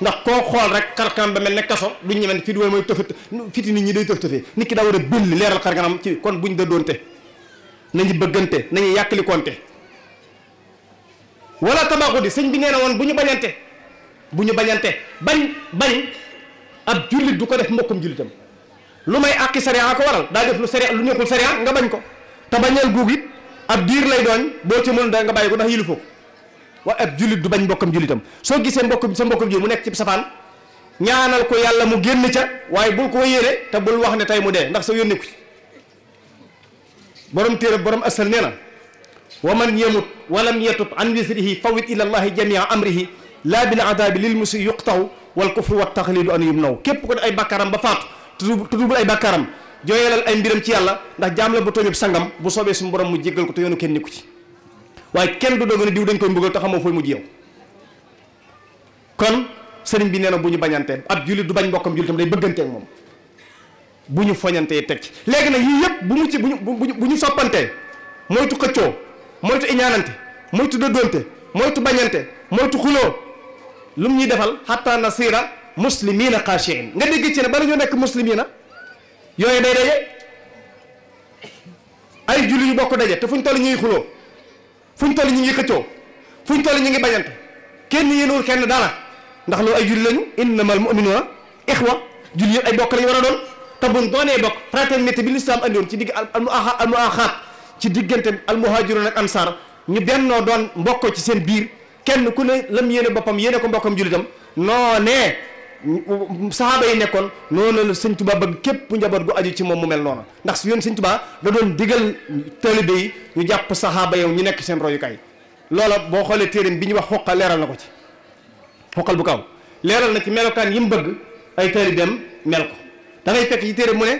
ndax koo xool rek xarkanam ba mel ne kaso duñ ñemen fit wooy mooy tëfat fiti nit ñi day tëf tëfee nit ki daa war a bill leeral xarkanam ci kon buñ da doonte nañu bëggante nañu yàkkali konte wala tabaxu di sëñ bi nee na woon bu ñu bañante bu ñu bañante bañ bañ ab jullit du ko def mbokkum jullitam lu may àqi sariya ko waral daa def lu sariya lu nekkul sariya nga bañ ko te bañeel guug it ab diir lay doon boo ci mën da nga bàyyi ko ndax yilifu ko wa ab julit du bañ mbokkam julitam soo gisee mbokk sa mbokkam julit mu nekk ci safaan ñaanal ko yàlla mu génn ca waaye bul ko yére te bul wax ne tey mu dee ndax sa yónni ko ci borom téere borom asal nee na wa man yamut walam yatub an wisrihi fawit ila allahi jamia amrihi laa bil adabi lil musi yuqtaw wal kufru wa taxlidu an yum naw képp ko def ay bàkkaaram ba faatu te tuubul ay bàkkaaram jooyalal ay mbiram ci yàlla ndax jaam la bu tooñub sangam bu soobee suñu borom mu jéggal ko te yoonu kenn ni ci waaye kenn du doog ne diw dañ koy mbugal te xamoo fooy mujj yow kon sëriñ bi nee na bu ñu bañantee ab jullit du bañ mbokkam jullitam day bëggante ak moom bu ñu foñantee teg ci léegi nag yii yëpp bu mu ci bu ñu bu ñu soppantee moytu xëccoo moytu iñaanante moytu dëddoonte moytu bañante moytu xuloo lu mu ñuy defal xatta nasira muslimiina xaashiin nga dégg ci ne bala ñoo nekk muslimiina yooyu day daje ay julli yu bokk daje te fu ñu toll ñuy xuloo fu ñu toll ñu ngi xëccoo fu ñu toll ñu ngi bañante kenn yéenewul kenn dara ndax loolu ay julli lañu innamal mu'minuuna ixwa julli yëpp ay bokk lañu war a doon te buñ doonee bokk fraternité bi l'islam yoon ci digg al mu al mu axaat ci diggante al muhaajiruun ak ansaar ñu bennoo doon mbokkoo ci seen biir kenn ku ne lam yéene boppam yéene ko mbokkam jullitam noonee saxaaba yi nekkoon noonu la sëñ Tuba bëgg képp njaboot gu aju ci moom mu mel noonu ndax yoon sëñ Tuba da doon digal taalibe yi ñu jàpp saxaaba yow ñu nekk seen royukaay loola boo xoolee téerim bi ñu wax xoqal leeral na ko ci xoqal bu kaw leeral na ci melokaan yi mu bëgg ay taalibeem mel ko da ngay fekk ci téere mu ne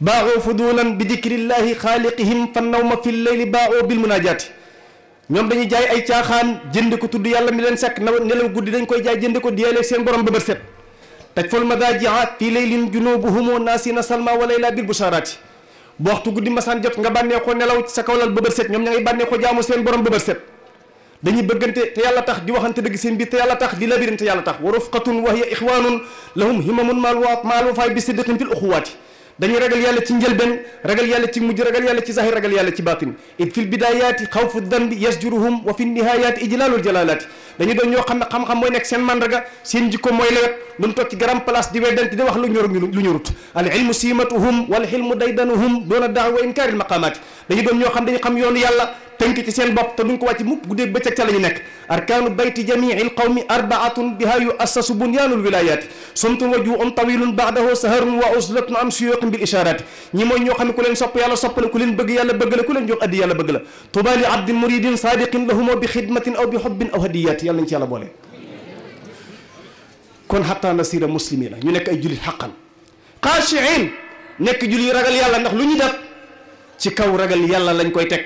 baaxoo fudulan bi dikrillaahi xaaliqihim fa nawma fi leyli baaxoo bil munaajaati ñoom dañuy jaay ay caaxaan jënd ko tudd yàlla mi leen sakk na nelaw guddi dañ koy jaay jënd ko diyaaleeg seen borom ba bët set taj fol madaaji'a fii laylin junubuhum naasina salma wa layla bil busharaati bu waxtu guddi masaan jot nga bànnee ko nelaw sa kaw lal set ñoom ña ngay bànnee jaamu seen borom ba set dañuy bëggante te yàlla tax di waxante dëgg seen biir te yàlla tax di labirante yàlla tax wa rufqatun wa hiya ixwaanun lahum himamun maal wafaay bi sidqin fil uxuwaati dañuy ragal yàlla ci njëlbeen ragal yàlla ci mujj ragal yàlla ci zahir ragal yàlla ci batin it fi l bidayati xawfu dambi yasjuruhum wa fi nihayati ijlalul jalalaati dañu doon ñoo xam ne xam-xam mooy nekk seen mandarga seen jikko mooy lewet duñ toog ci grand place di weddante di wax lu ñor lu ñorut al ilmu siimatuhum wal xilmu daydanuhum doona daaw wa inkaari l maqaamaati dañu doon ñoo xam dañu xam yoonu yàlla tënk ci seen bopp ta duñ ko wàcc mukk guddeeg bëccëg ca la ñu nekk arkaanu bayti jamiil qawmi arbaatun biha yuassasu bunyaanul wilayaati sumtun wa juun tawilun baadahu saharun wa uslatun am suyuqin bil ishaaraati ñi mooy ñoo xam ne ku leen sopp yàlla sopp la ku leen bëgg yàlla la ku leen jox addi yàlla bëgg la tuba li abdin ci yàlla boole kon xataa nasira muslimiina ñu nekk ay julit xaqan xaashiin nekk juli ragal yàlla ndax lu ñu def ci kaw ragal yàlla lañ koy teg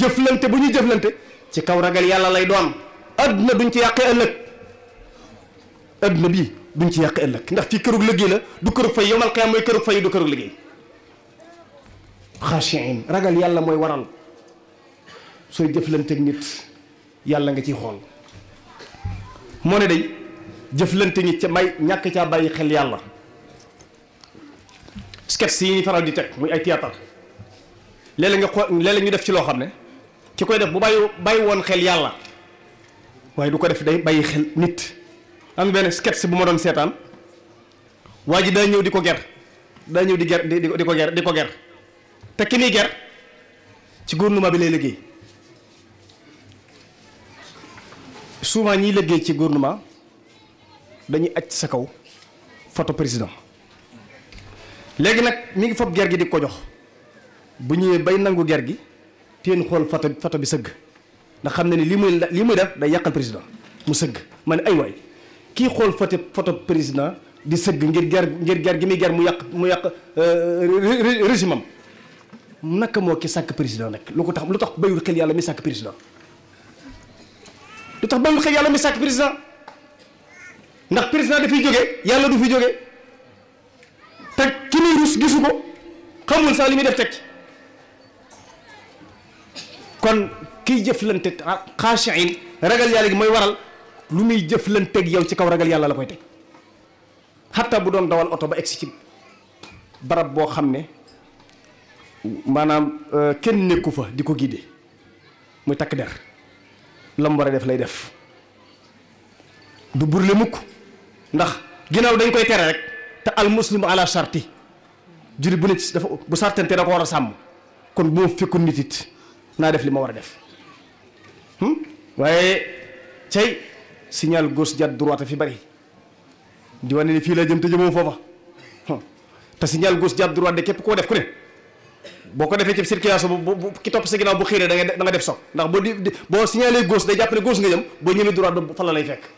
jëflante bu ñu jëflante ci kaw ragal yàlla lay doon adduna duñ ci yàqee ëllëg adduna bii duñ ci yàqee ëllëg ndax fii kërug liggéey la du kërug fay yomal qiyaam mooy kërug fay du kërug liggéey xaashiin ragal yàlla mooy waral soo jëflanteeg nit yàlla nga ciy xool moo ne day jëflante nit ca may ñàkk caa bàyyi xel yàlla sketch yi ñu faral di teg muy ay théâtre léeg-léeg nga xool léeg-léeg ñu def ci loo xam ne ki koy def bu bàyyi bàyyi woon xel yàlla waaye du ko def day bàyyi xel nit am benn sketch bu ma doon seetaan waa ji daa ñëw di ko ger daa ñëw di ger di di ko ger di ko ger te ki muy ger ci gouvernement bi lay léggéey souvent ñiy liggéey ci gouvernement dañuy aj sa kaw photo président léegi nag mu ngi fob ger gi di ko jox bu ñëwee bay nangu ger gi teen xool photo photo bi sëgg ndax xam na ni li muy li muy def day yàqal président mu sëgg ma ne ay waay kii xool photo photo président di sëgg ngir ger ngir ger gi muy ger mu yàq mu yàq euh, régime am naka moo ki sàkk président nag loo ko tax lu tax bayul xel yàlla mi sàkk président lu tax bayul xel yàlla mi sàkk président ndax président dafay yàlla du fi jógee te ki muy rus gisu ko xamul saa li muy def teg kon kiy jëflante xaashiin ragal yàlla gi mooy waral lu muy jëf jëflanteeg yow ci kaw ragal yàlla la koy teg xatta bu doon dawal oto ba egsi ci barab boo xam ne maanaam euh, kenn nekku fa di ko gii de mu takk der la mu war a def lay def du burle mukk ndax ginnaaw dañ koy tere rek te al muslimu ala sharti juri bu nit dafa bu sartante da ko war a sàmm kon bu ma fekkoon nit it naa def li ma war a def hmm? waaye cay signal gauche jàdd droite fi bari di wane ni fii la jëm te jëmoo foofa hmm. te signal gauche jàdd droite de képp koo def ku ne boo ko defee ci circulation bu bu ki topp sa ginnaaw bu xiiree da ngay da nga def soog ndax boo di boo signalé gauche day jàpp ne gauche nga jëm boo ñëwee droite ba fan ay lay fekk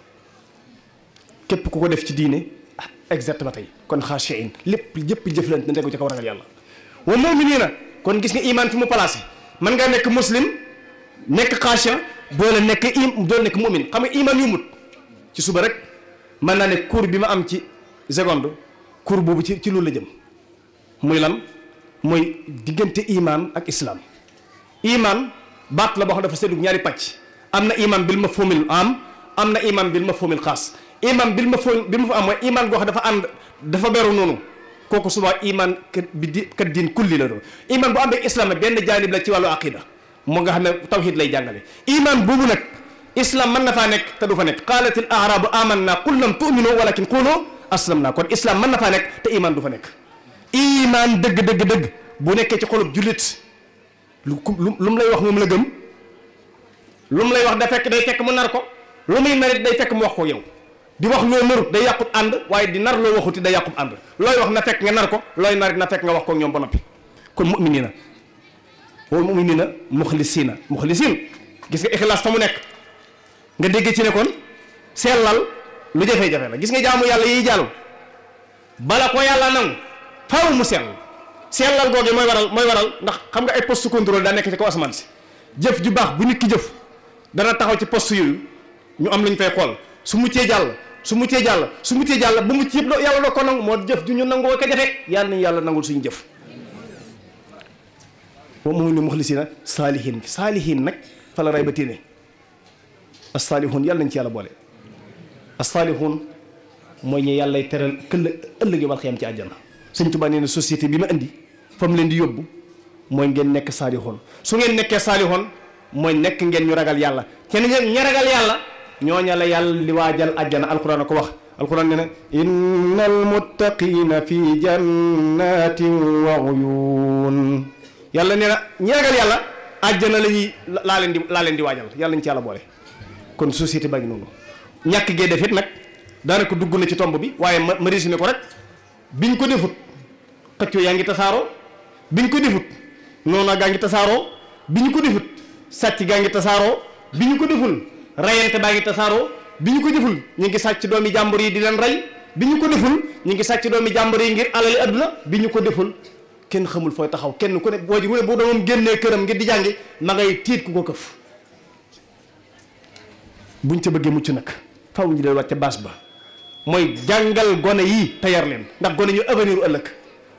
képp ku ko def ci diine ah, exactement tey kon xaashiin lépp lépp jëflante na tegu ci kaw ragal yàlla wa mu'minina kon gis nga iman man ngaa nekk muslim nekk xaasha boole nekk im doon nekk mumin xam nga iman yumut ci suba rek mën naa ne cours bi ma am ci seconde cours boobu ci ci loolu la jëm muy lan mooy diggante imaan ak islam iman baat la boo xam dafa seddu ñaari pàcc am na iman bil ma foomil am am na iman bil ma foomil xaas iman bil ma foomil bil ma fa am mooy iman goo dafa ànd dafa beru noonu kooku subaa iman bi di kat diin kulli la doon iman bu amee islam benn jaanib la ci wàllu aqida mu nga xam ne tawhid lay jàngale iman boobu nag islam man na faa nekk te du fa nekk qaalat al arabu amanna qul lam tu'minu walakin qulu aslamna kon islam mën na fa nekk te iman du fa nekk iman dëgg dëgg dëgg bu nekkee ci xolub jullit lu lu mu lay wax moom la gëm lu mu lay wax da fekk day fekk mu nar ko lu muy narit day fekk mu wax ko yow di wax loo narut day yàqub ànd waaye di nar loo waxuti day yàqub ànd looy wax na fekk nga nar ko looy narit na fekk nga wax ko ñoom ba noppi kon muminina wa muminina muxlisina muxlisin gis nga ixlaas fa mu nekk nga dégg ci ne kon sellal lu jafe-jafe la gis nga jaamu yàlla yiy jàll bala ko yàlla nangu faaw mu sell sellal googu mooy waral mooy waral ndax xam nga ay poste contrôle daa nekk ci kaw asamaan si jëf ju baax bu nikki jëf dana taxaw ci poste yooyu ñu am lu ñu su muccee jàll su muccee jàll su muccee jàll bu mucc yëpp yàlla doo ko nangu moo jëf du ñu nangoo ko jafe yàlla nañu yàlla nangul suñu jëf wa mu'minu muxlisina saalihin saalihin nag fa la ray ba téene asaalihun yàlla nañ ci yàlla boole asaalihun mooy ñi yàllay teral këll ëllëg yomal xiyam ci àjjana sëñ Tuubaa nee na société bi ma indi fa mu leen di yóbbu mooy ngeen nekk saalixoon su ngeen nekkee saalixoon mooy nekk ngeen ñu ragal yàlla te ñi ragal yàlla ñoo la yàlla li waajal ajjana alquran a ko wax alquran ne ne inna almuttaqina fi jannatin wa uyun yàlla nee na ñi ragal yàlla ajjana la ñuy laa leen di laa leen di waajal yàlla ñu ci yàlla boole kon société baa ngi noonu ñàkk gee defit nag daanaka dugg na ci tomb bi waaye ma ma résumé ko rek biñ ko defut xëccoo yaa ngi tasaaroo biñ ko defut noona gaa ngi tasaaroo bi ñu ko defut sàcc gaa ngi tasaaroo bi ñu ko deful rayante baa ngi tasaaroo bi ñu ko deful ñu ngi sàcc yi jàmbur yi di leen rey bi ñu ko deful ñu ngi sàcc doomi jàmbur yi ngir alali adduna bi ñu ko deful kenn xamul fooy taxaw kenn ku ne boo ji mu ne bu doomam génnee këram ngir di jàngi ma ngay tiit ku ko këf buñ ca bëggee mucc nag faw ñu del wàcce baas ba mooy jàngal gone yi te yar leen ndax gone ñu avenir ëllëg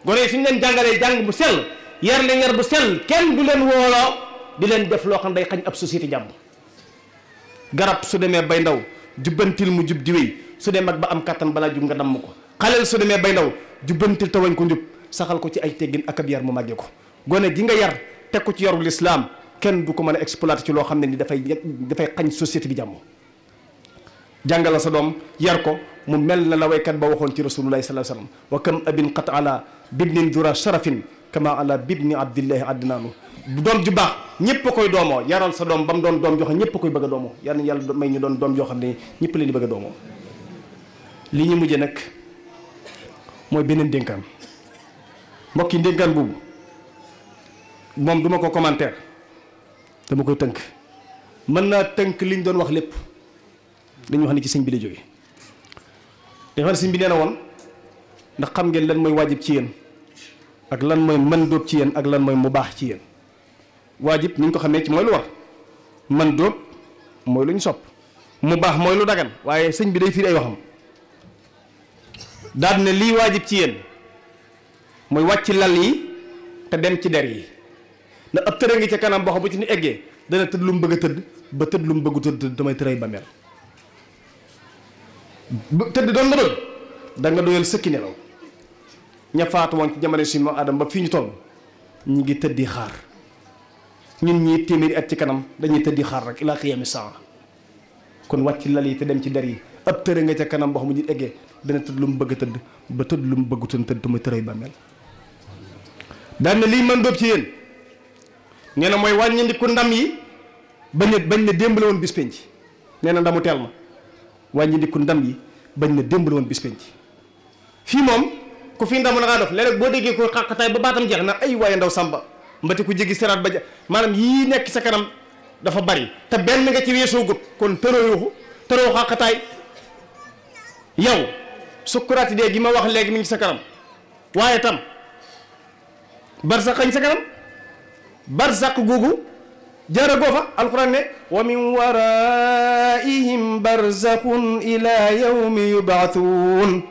gone yi suñ leen jàngalee jàng bu sel yar leen yar bu sel kenn du leen wooloo di leen def loo xam day xañ ab société jàmm garab su demee bay ndaw jubbantil mu jub di su dee mag ba am kàttan balaa jub nga damm ko xaleel su demee bay ndaw jubbantil tawañ ko njub saxal ko ci ay teggin ak ab yar mu màggee ko gone gi nga yar teg ko ci yarul lislaam kenn du ko mën a exploiter ci loo xam ne ni dafay dafay xañ société bi jàmm jàngala sa doom yar ko mu mel na la waykat ba waxoon ci rasulullahi salaa sallam wa kam abin qat ala bibnin dura sharafin kama ala bibni abdillahi addinaanu doom ju baax ñëpp a koy doomoo yaral sa doom ba mu doon doom joo xam ñëpp a koy bëgg a doomoo yal na yàlla may ñu doon doom joo leen di bëgg a doomoo li ñu mujjee nag mooy beneen dénkaan mbokk yi dénkaan moom duma ko commentaire dama koy tënk mën naa tënk liñ doon wax lépp dañu wax ne ci sëñ bi la jóge dañu wax ne sëñ bi nee na woon ndax xam ngeen lan mooy waajib ci yéen ak lan mooy mën dóob ci yéen ak lan mooy mu baax ci yéen waajib ni ñu ko xamee ci mooy lu war man dóob mooy lu ñu sopp mu baax mooy lu dagan waaye sëñ bi day fiir ay waxam daal ne lii waajib ci yéen mooy wàcc lal yi te dem ci der yi ndax ab tëra nga ca kanam boo xam bu ci ni eggee dana tëdd lu mu bëgg tëdd ba tëdd lu mu tëdd damay tëray ba mel tëdd doon nga bëgg da nga doyal sëkki nelaw ña woon ci jamono si moom aadama ba fii ñu toll ñu ngi tëddi xaar ñun ñii téeméeri at ci kanam dañuy tëddi xaar rek ilaa xiyaami saa kon wàcc lal yi te dem ci der yi ab tëre nga ca kanam boo xam ne ñu eggee dana tëdd lu mu bëgg tëdd ba tëdd lu mu bëggutoon tëdd te muy tërëy bàmmeel daan na lii man doob ci yéen nee na mooy wàññi ku ndam yi bañ a bañ na démb la woon bis penc teel ma wàññi ku ndam yi bañ na démb la woon bis penc fii moom ku fi ndamu na ngaa dof léeg-léeg boo déggee ko xàqataay ba baatam jeex na ay waaye ndaw sàmba mbati ku jéggi siraat ba ja maanaam yii nekk sa kanam dafa bari te benn nga ci weesoo gut kon tëroo yuuxu tëroo xaqataay yow sukkuraati dee gi ma wax léegi mi ngi sa kanam waaye tam barsax xañ sa kanam barsax googu jaara goo fa alquran ne wa min waraihim barzaxun ila yawmi yubaathuun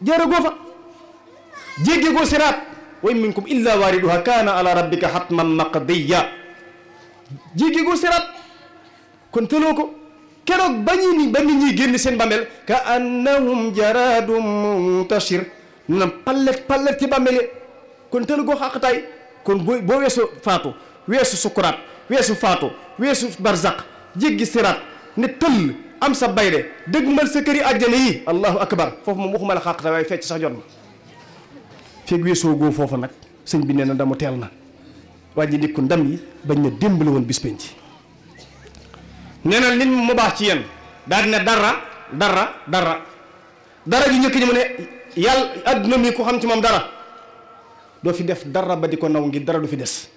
jaara fa jéggi goo siraat wa in minkum illa waariduha kaana ala rabbika xatman maqdiya jéggi gu sirat kon tëloo ko keroog ba ñu ni génn seen bàmmeel ka annahum jaradum muntashir na pallet pallet ci bàmmeel kon tëlu goo xaqtaay kon boo boo weesu faatu weesu sukuraat weesu faatu weesu barzaq jéggi siraat ne tëll am sa bayre dëgg mal sa këri àjjana yi allahu akbar foofu moom waxuma la xaqtaay waaye fecc sax jot na feeg weesoo foofa nag sëñ bi nee na dama teel na ji ndikku ndam yi bañ na démb la woon bis penc nee na nit mu baax ci yéen daal di ne dara dara dara dara ju njëkk ñi ne yàlla adduna mi ku xam ci moom dara doo fi def dara ba di ko naw ngir dara du fi des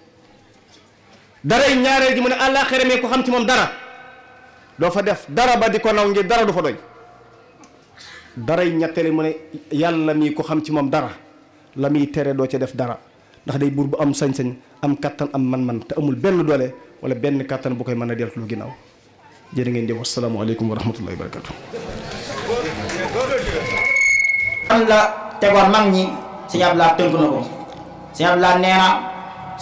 dara ñaareel ji mu ne àllaaxira mi ku xam ci moom dara doo fa def dara ba di ko naw ngir dara du fa doy dara yi ñetteel mu ne yàlla mi ku xam ci moom dara la muy tere doo ci def dara ndax day buur bu am sañ-sañ am kàttan am man-man te amul benn doole wala benn kàttan bu koy mën a deltu lu ginnaaw jërë ngeen jëf asalaamaaleykum wa rahmatullahi wa barakatu am la tegoon mag ñi sëñ Abdoulaye tënk na ko sëñ Abdoulaye nee na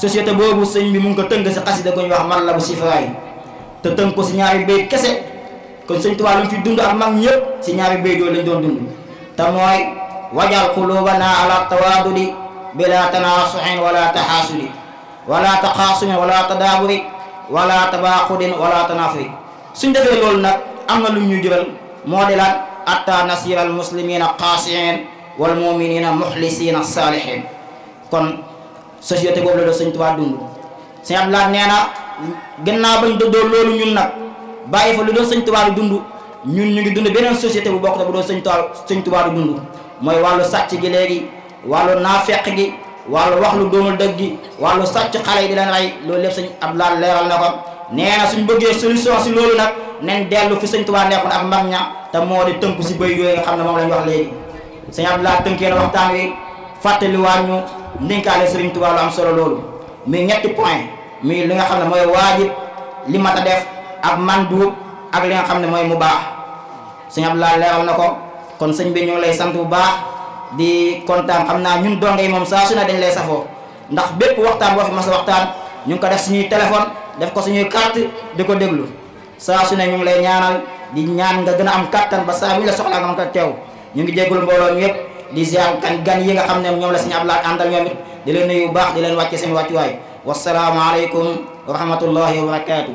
société boobu sëñ bi mu ngi ko tënk si xasida ko ñu wax man la bu sifaay te tënk ko si ñaari béy kese kon sëñ Tuubaa lu mu fi dund ak mag ñëpp si ñaari béy doo lañ doon dund te wajal qulubana ala tawadudi bila tanasuhin wala tahasudi wala taqaasumin wala tadaaburi wala tabaqudin wala tanafuri suñ defee loolu nag am na lu ñu jural moo di lan atta nasira al muslimina qaasiin wal muminina muxlisina saalihin kon société boobu la doo sëñ Tuubaa dund sëñ Abdoulaye nee na gannaaw bañ dëddoo loolu ñun nag bàyyi fa lu doon sëñ Tuubaa dund ñun ñu ngi dund beneen société bu bokk te bu doon sëñ mooy wàllu sàcc gi léegi wàllu naafeq gi wàllu wax lu doonul dëgg gi wàllu sàcc xale yi di leen rey loolu lépp sëñ ab laal leeral na ko nee suñ bëggee solution si loolu nag nañ dellu fi sëñ Tuubaa nekkoon ak mag ña te moo di tënku si bëy yooyu nga xam ne moom lañ wax léegi sëñ ab laal tënkee na waxtaan wi fàttaliwaat ñu ndénkaale sëriñ Tuubaa lu am solo loolu muy ñetti point muy li nga xam ne mooy waajib li mat a def ak man duub ak li nga xam ne mooy mu baax sëñ ab leeral na ko kon sëñ bi ñu lay sant bu baax di kontaan xam naa ñun donge yi moom saa su ne dañ lay safoo ndax bépp waxtaan boo fi mas waxtaan ñu ngi ko def suñuy téléphone def ko suñuy carte di ko déglu saa su ne ñu ngi lay ñaanal di ñaan nga gën a am kattan ba saa bu ñu la soxlaa nga mën ko teew ñu ngi jégalu mbooloo mi yëpp di ziar kan gan yi nga xam ne ñoom la suñu ablaat àndal ñoom it di leen nuyu bu baax di leen wàcce seen wàccuwaay wassalaamu aleykum wa rahmatullahi wa barakaatu